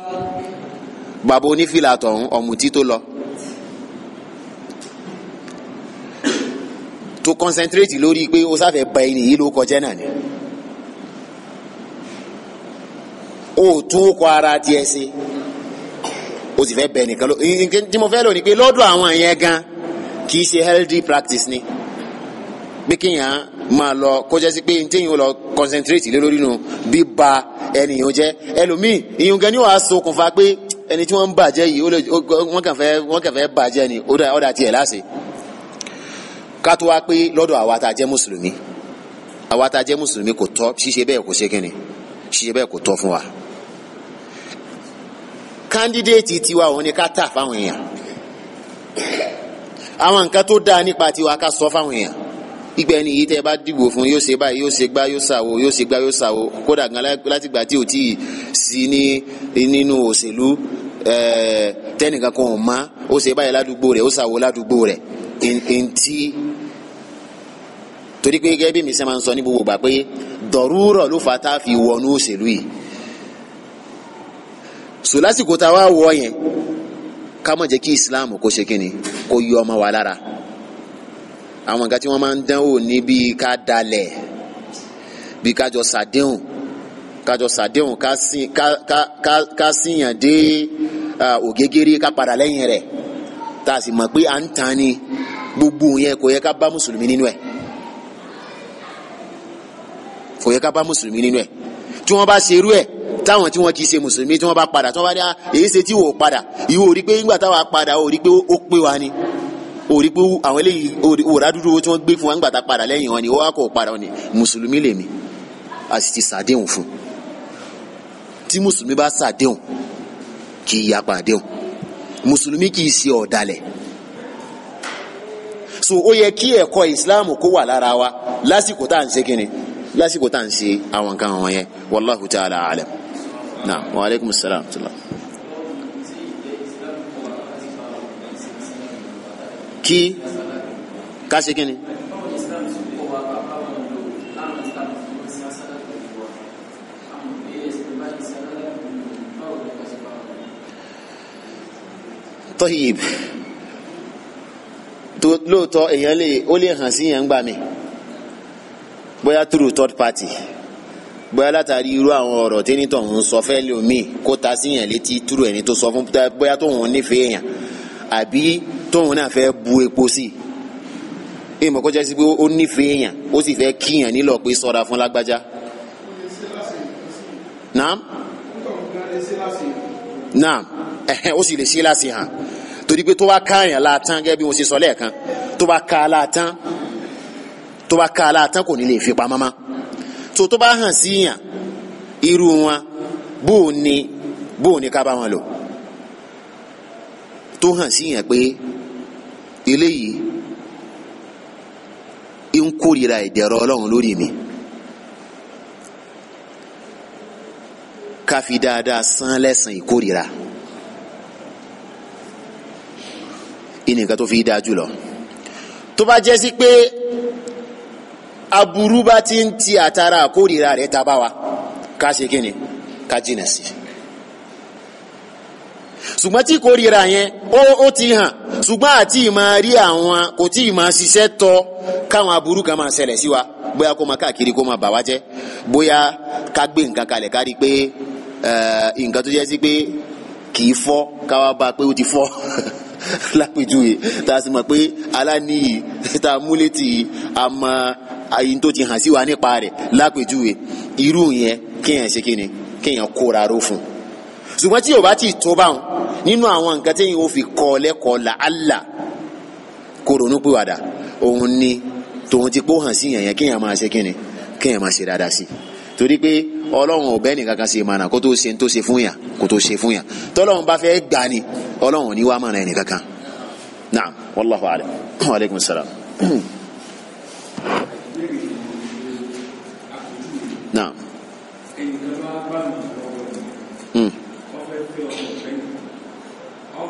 bàbá onífìlà tọ̀hún ọ̀mùtí tó lọ. to concentrate lórí pé o sáfẹ́ ba ẹni yìí ló kọjá náà ni o tún kọ ara tiẹ̀ ṣe o sì fẹ́ bẹ nìkan lọ tí mo fẹ́ lò ní pé lọ́dọ̀ àwọn yẹn gan kì í ṣe healthy practice ni pé kéèyàn máa lọ kọjá sí pé ntẹ́yìn lọ concentrate lé lórí nu bí ba ẹnìyàn jẹ́ ẹlòmíì ìyún gan ni wàá ṣokùnfà pé ẹni tí wọ́n ń bàjẹ́ yìí wọ́n kàn fẹ́ wọ́n kàn fẹ́ bàjẹ́ ni ọ̀dà tiẹ̀ láṣẹ. ká tó wá pé lọ́dọ̀ àwa tá a jẹ́ mùsùlùmí àwa tá a jẹ́ mùsùlùmí kò tọ́ ṣíṣe bẹ́ẹ̀ kò ṣe kínni ṣíṣe bẹ́ẹ̀ kò tọ́ fún wa. kándídéètì tiwa òun ni ká tà fáwọn èèyàn àwọn nǹkan tó dáa nípa tiwa ká sọ fáwọn èèyàn ìgbà ẹni yìí tẹ́ ẹ bá dìbò fún yóò ṣe báyìí yóò ṣe gbá yóò ṣàwo yóò ṣe gbá yóò ṣàwo kódà gan láti gbà tí ò tí ì sí ní nínú òṣèlú tẹ́nìkan kan ò mọ̀ ó ṣe báyìí ládùúgbò rẹ̀ ó ṣàwo ládùúgbò rẹ̀ ntí torí pé gẹ́gẹ́ bí mi ṣe máa ń sọ ní gbogbo gbà pé dọ̀rúrọ̀ ló fà tá a fi wọnú òṣèlú yìí sò lásìkò tá wọ yẹn ká má jẹ́ kí Islam kó ṣe kíni kó yọ ọmọ wa lára àwọn nǹkan tí wọ́n máa ń dánwò ní bíi ká dalẹ̀ bíi kájọ sàdéhùn kájọ sàdéhùn ká síyàn dé ògégéré ká padà lẹ́yìn rẹ̀ tá a sì mọ̀ pé à ń tan ni gbogbo yẹn kò yẹ ká bá mùsùlùmí nínú ẹ̀ kò yẹ ká bá mùsùlùmí nínú ẹ̀ tí wọ́n bá ṣe irú ẹ̀ táwọn tí wọ́n ti ṣe mùsùlùmí tí wọ́n bá padà tí wọ́n bá dá èyí ṣe tí wò ó padà ìwọ rí pé nígbà táwa padà ò rí pé ó pé wa ni òrí pé àwọn eléyìí òrà dúdú owó tí wọ́n gbé fún wa ń gbàtà padà lẹ́yìn wọn ni ó wá kọ̀ padà wọn ni mùsùlùmí lèmi a sì ti sàdéhùn fún tí mùsùlùmí bá sàdéhùn kì í yapa àdéhùn mùsùlùmí kì í ṣe ọ̀dàlẹ̀ so ó yẹ kí ẹ̀kọ́ islam kó wà lára wa lásìkò tá à ń ṣe kíni lásìkò tá à ń ṣe àwọn nǹkan wọn yẹn wallahu ta'ala alam naam wa aleykum salaam. kí ká ṣe kí ni. tọ́yìb lóòótọ́ èèyàn lè ó lè hàn sí yẹn ń gbà mí bóyá through third party bóyá látàrí irú àwọn ọ̀rọ̀ tẹ́ni tó ń sọ fẹ́ lómi kó ta sí yẹn létí through ẹni tó sọ fún bóyá tó ń nífẹ̀ẹ́ yẹn àbí tóun náà fẹ́ bu epo sí i èèmọ̀ kọjá sí pé ó nífẹ̀ẹ́ èèyàn ó sì fẹ́ kíyàn nílò pé sọ́ra fún lágbájá. naam naam ó sì lè ṣe láti hàn torí pé tó bá káàyàn láàtán gẹ́gẹ́ bí mo ṣe sọ lẹ́ẹ̀kan tó bá ká láàtán tó bá ká láàtán kò ní lè wọn ni wọn lò tó hàn eléyìí ń kórìíra ìdẹ̀rọ ọlọ́run lórí mi ká fi dáadáa san lẹ́san ìkórìíra ìnìkan tó fi dáa jùlọ tó bá jẹ́ sí pé aburú bá ti ń ti àtàrà àkórìíra rẹ̀ tá ká ṣe kí ni ká jìnà sí i ṣùgbọ́n tí kórìíra yẹn ó ti hàn ṣùgbọ́n àti máa rí àwọn kò tí ì máa ṣiṣẹ́ tọ́ káwọn aburú kan máa ṣẹlẹ̀ sí wa bóyá kó máa káàkiri kó máa bà wá jẹ́ bóyá ká gbé nǹkan kalẹ̀ ká rí i pé eh, nǹkan tó jẹ́ sí pé kì í fọ́ káwá bá a pé ó ti fọ́ lápèjúwe tá a sì mọ̀ pé aláníyì tá a múlé tì a mọ ayin tó ti hàn sí wa nípa rẹ̀ lápèjúwe irú yẹn kéèyàn ṣe kí ni kéèyàn kóra ró fún un ṣùgbọ́n tí yóò bá ti tó báwọn nínú àwọn nǹkan tẹ́yìn ó fi kọ́ lẹ́kọ̀ọ́ la Allah kó ronú pìwàdà òun ni tòun ti kó hàn sí yàn yẹn kéèyàn máa ṣe kíni kéèyàn máa ṣe dáadáa sí torí pé ọlọ́run ò bẹ́ẹ̀ nìkan kan ṣe mànà kó tó ṣe tó ṣe fún yàn kó tó ṣe fún yàn tọ́lọ́run bá fẹ́ gbà ni ọlọ́run ò ní wá mànà ẹnìkan kan naam wallahu alam wa aleykum salaam. naam.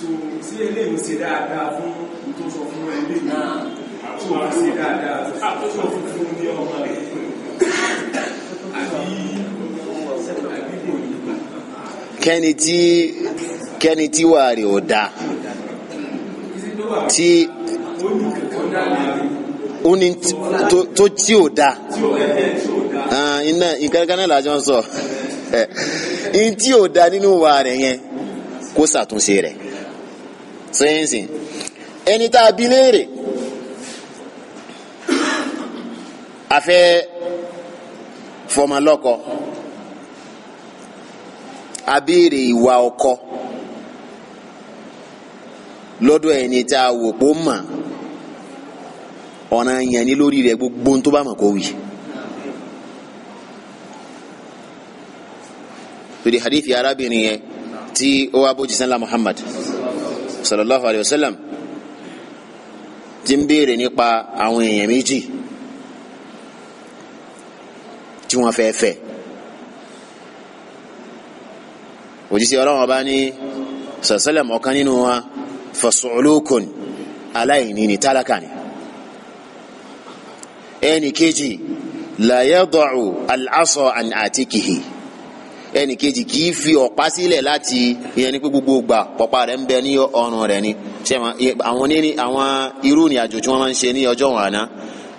so sí eléyìí ṣe dáadáa fún tó sọ fún ẹgbẹ́ náà tó wá ṣe dáadáa tó fún fún ní ọmọ rẹ̀ àbí àbí kò ní gbà. kẹ́ni tí wàá rè ó dáa tí ó tó tí ò dáa iná náà làjọ ń sọ n tí ò dáa nínú wa rẹ̀ yẹn kó ṣàtúnṣe rẹ̀ sẹ́yìnsì ẹni tá a bí léèrè a fẹ́ fọmọlọ́kọ a béèrè ìwà ọkọ lọ́dọ̀ ẹni tá a wò pó mà ọ̀nà yẹn ni lórí rẹ̀ gbogbo tó bá mọ̀ kó wì. torí hadith arábìnrin yẹn tí ó wá bójú sẹ́ńlá Muhammad sallallahu alayhi wa sallam ti ń béèrè nípa àwọn èèyàn méjì tí wọ́n fẹ́ fẹ́ òjíṣẹ́ Ọlọ́run ọba ní sàlẹm ọ̀kan nínú wa fasulukun aláìní ní tálákà ni ẹnì kejì la yada'u al-asa an ẹnìkejì kì í fi ọ̀pá sílẹ̀ láti ìyẹn ní pé gbogbo gbà pọ̀pá rẹ̀ ń bẹ ní ọrùn rẹ̀ ni àwọn àwọn irú ìrìn àjò tí wọ́n máa ń ṣe ní ọjọ́ wọn àná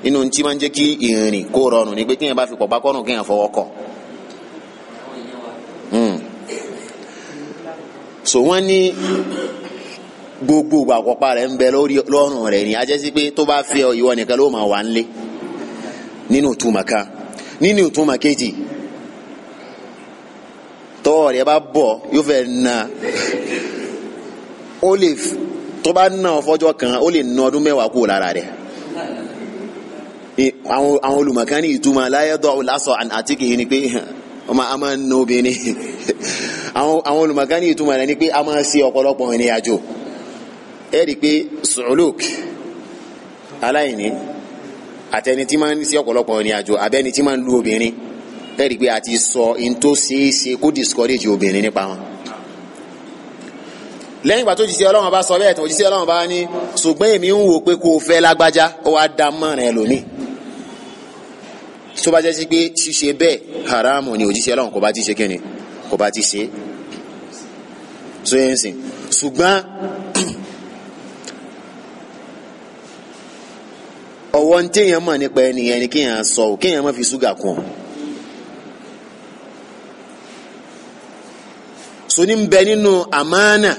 inú tí máa ń jẹ́ kí ìrìn kó rọrùn ni pé kí yẹn bá fi pọ̀pá kí yẹn fọwọ́ hmm. so wọ́n ní gbogbo gbà pọ̀pá rẹ̀ ń bẹ lọ́rùn rẹ̀ ni a jẹ́ sí pé tó bá fẹ́ ìwọ nìkan ló máa wà ń lé nínú ìtumọ̀ kan nínú tọ́wọ́ rẹ̀ bá bọ̀ yóò fẹ́ na ó lè tó bá na fọ́jọ́ kan ó lè na ọdún mẹ́wàá kúrò lára rẹ̀ àwọn àwọn olùmọ̀kan ní ìtumọ̀ láyẹ́dọ̀ lásọ̀ àti kìí ni pé ọmọ a máa ń na obìnrin àwọn olùmọ̀kan ní ìtumọ̀ rẹ̀ ni pé a máa ṣe ọ̀pọ̀lọpọ̀ ìrìn ẹ rí i pé sùlùk aláìní àtẹni máa ń ṣe ọ̀pọ̀lọpọ̀ ìrìn àjò tí máa ń lu obìnrin ẹ rí i pé a ti sọ in tó ṣeé kó discourage obìnrin nípa wọn lẹ́yìn ìgbà tó jíṣẹ́ ọlọ́run bá sọ bẹ́ẹ̀ tó jíṣẹ́ ọlọ́run bá ní ṣùgbọ́n èmi ń wò pé kó o fẹ́ lágbájá ó wá da mọ́rin ẹ lómi tó bá jẹ́ sí pé ṣíṣe bẹ́ẹ̀ haramu ni òjíṣẹ́ ọlọ́run kò bá ti ṣe kí ni kò bá ti ṣe so yẹn sìn ṣùgbọ́n ọ̀wọ́n téèyàn mọ̀ nípa ẹnìyẹn ni kéèyàn sọ kéèyàn má fi ṣúgà kún un. èso ní bẹ nínú àmánà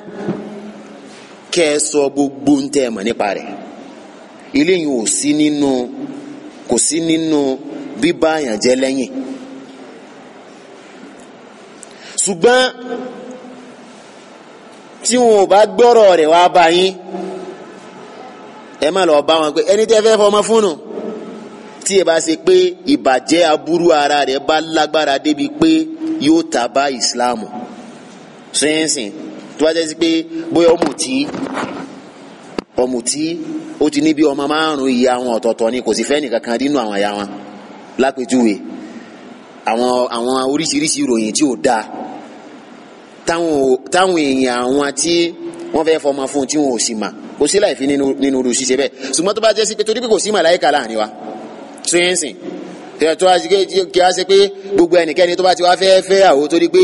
kẹ ẹ sọ gbogbo ń tẹ ẹ mọ̀ nípa rẹ̀ eléyìí ò sí nínú kò sí nínú bíbá àyàn jẹ lẹ́yìn ṣùgbọ́n tí wọn ò bá gbọ́rọ̀ rẹ̀ wá bá yín ẹ má lọ bá wọn pé ẹni tẹ́ fẹ́ fọmọ fúnnu tí ẹ bá ṣe pé ìbàjẹ́ aburú ara rẹ̀ bá lágbára débi pé yóò ta bá ìsìláàmù sínsìn tó bá jẹ́ sí pé bóyá ọ̀mùtí ọ̀mùtí ó ti ní bí ọmọ márùn-ún ìyá wọn ọ̀tọ̀ọ̀tọ̀ ni kò sì fẹ́ nìkan kan nínú àwọn ìyá wọn lápèjúwe àwọn àwọn oríṣiríṣi ìròyìn tí ò dáa táwọn èèyàn àwọn tí wọ́n fẹ́ fọmọ fún tí wọn ò sì mà kò sí láì fi nínú nínú irú ṣíṣe bẹ́ẹ̀ ṣùgbọ́n tó bá jẹ́ pé torí pé kò sí màláìka láàrin wa sínsìn. So, tẹ́lẹ̀ tó wá sí pé kí wá sí pé gbogbo ẹnikẹ́ni tó bá ti wá fẹ́ fẹ́ àwò torí pé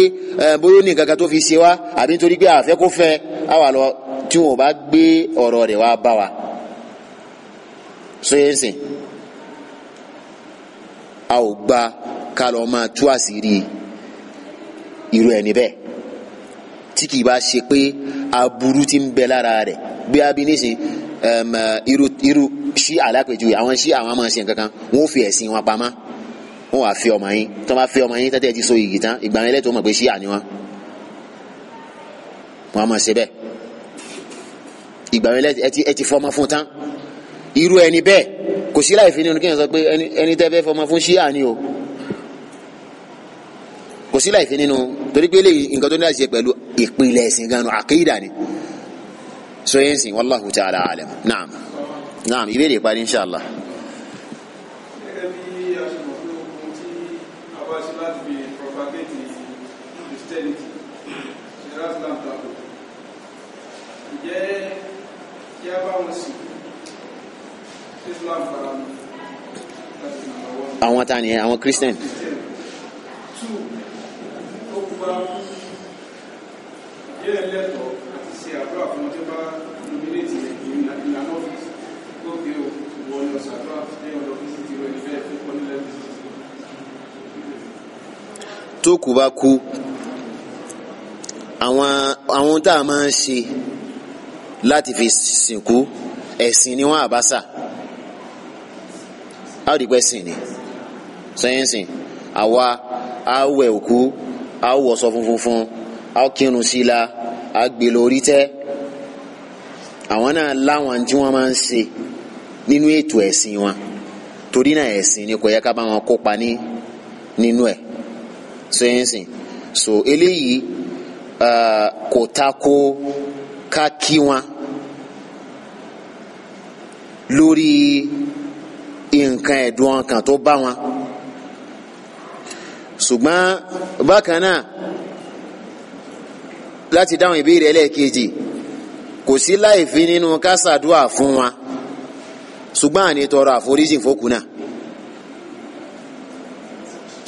bóyá ní nǹkan kan tó fi ṣe wá àbí torí pé àfẹ́ kó fẹ́ á wà lọ tí wọn bá gbé ọ̀rọ̀ rẹ̀ wá bá wa so yẹn sìn a ò gba ká lọ máa tú àṣírí irú ẹni bẹ́ẹ̀ tí kì í bá ṣe pé aburú ti ń bẹ lára rẹ̀ bí abinísìn iru iru ṣí alápèjúwe àwọn ṣí àwọn máa ṣe nǹkan kan wọn ò fi ẹ̀sìn wọn pamọ́ wọn wàá fi ọmọ yín tí wọn bá fi ọmọ yín tẹ́tẹ́ ti so yìí tán ìgbà yẹn lẹ́tọ̀ọ́ mọ̀ pé ṣí àní wọn wọn máa ṣe bẹ́ẹ̀ ìgbà yẹn lẹ́tọ̀ọ́ ẹ ti fọmọ fún tán irú ẹni bẹ́ẹ̀ kò sí láì fi nínú kí n sọ pé ẹni tẹ́ fẹ́ fọmọ fún ṣí àní o kò sí láì fi nínú torí pé eléyìí nǹkan tó ní láti ṣe pẹ̀lú ìpìlẹ̀ ẹ̀sìn gan-an àkéyìdá ni. so yẹn sìn wallahu ta'ala alam naam naam ìbéèrè parí inshallah. jẹ́ kí a bá wọn sìn islam fara mi láti nà lọ́wọ́. àwọn ta ni ẹ àwọn christian. two ó kú bá jẹ́ ẹlẹ́tọ̀ọ́. tó kù bá kú àwọn àwọn tá a máa ń ṣe láti fi sìnkú ẹ̀sìn ni wọ́n àbáṣà a ó di pẹ́ sìn ni sẹ́yìnsìn àwa á wẹ̀ òkú á wọ̀ṣọ funfun fún á kírun sí i la á gbé e lórí tẹ́ àwọn náà láwọn tí wọ́n máa ń ṣe nínú ètò ẹ̀sìn wọn torí náà ẹ̀sìn ni kò yẹ ká bá wọn kópa ní nínú ẹ̀ sẹ́yìnsì so eléyìí kò tako ká kí wọn lórí nǹkan ẹ̀dùn ọkàn tó bá wọn ṣùgbọ́n bákan náà láti dáhùn ìbéèrè ẹlẹ́ẹ̀kejì kò sí láìfi nínú ká fún wa ṣùgbọ́n àní tọrọ àforíjì fókù náà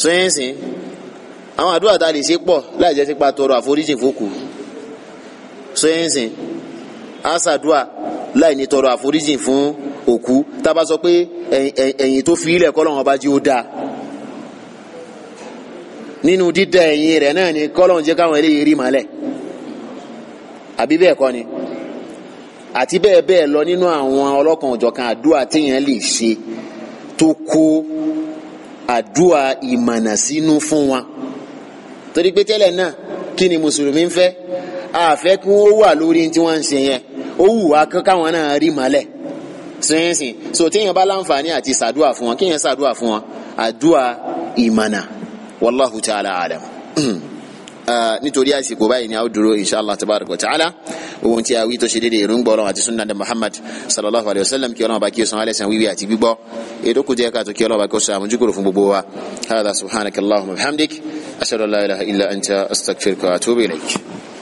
So, àwọn àdúrà tá a lè ṣe pọ̀ láì jẹ́ sípa tọrọ àforíjì fòkù sọyẹnsìn á ṣàdúrà láì ní tọrọ àforíjì fún òkú tá a bá sọ pé ẹ̀yìn tó fi ilẹ̀ kọ́lọ́hún ọba jí ó dáa nínú dídá ẹ̀yìn rẹ̀ náà ni kọ́lọ́hún jẹ́ káwọn eléyìí rí màálẹ̀ àbí bẹ́ẹ̀ kọ́ ni àti bẹ́ẹ̀ bẹ́ẹ̀ lọ nínú àwọn ọlọ́kan òjọ̀kan àdúrà téèyàn lè ṣe tó kó àdúrà ìmọ̀nà sínú fún wọn torí pé tẹ́lẹ̀ náà kí ni mùsùlùmí ń fẹ́ àfẹ́ kí wọ́n wà lórí tí wọ́n ń ṣe yẹn ó wù wá kán káwọn náà rí mọ́lẹ̀ sínsìn so téèyàn bá láǹfààní àti sàdúà fún wọn kéèyàn sàdúà fún wọn àdúà ìmọ̀nà wallahu ta'ala alam. Ah, nítorí àsìkò báyìí ni a ó dúró inshallah tabarak wa ta'ala ohun tí a wí tó ṣe déédéé ìrúngbọ Ọlọ́run àti sunnah muhammad sallallahu alayhi wa sallam kí Ọlọ́run bá kí o san alẹsàn wíwí àti gbígbọ́ ètò kù jẹ káàtó kí Ọlọ́run bá kí o san àmójúkúrò fún gbogbo wa hada subhanaka allahumma bihamdik ashhadu an la anta astaghfiruka wa atubu ilayk.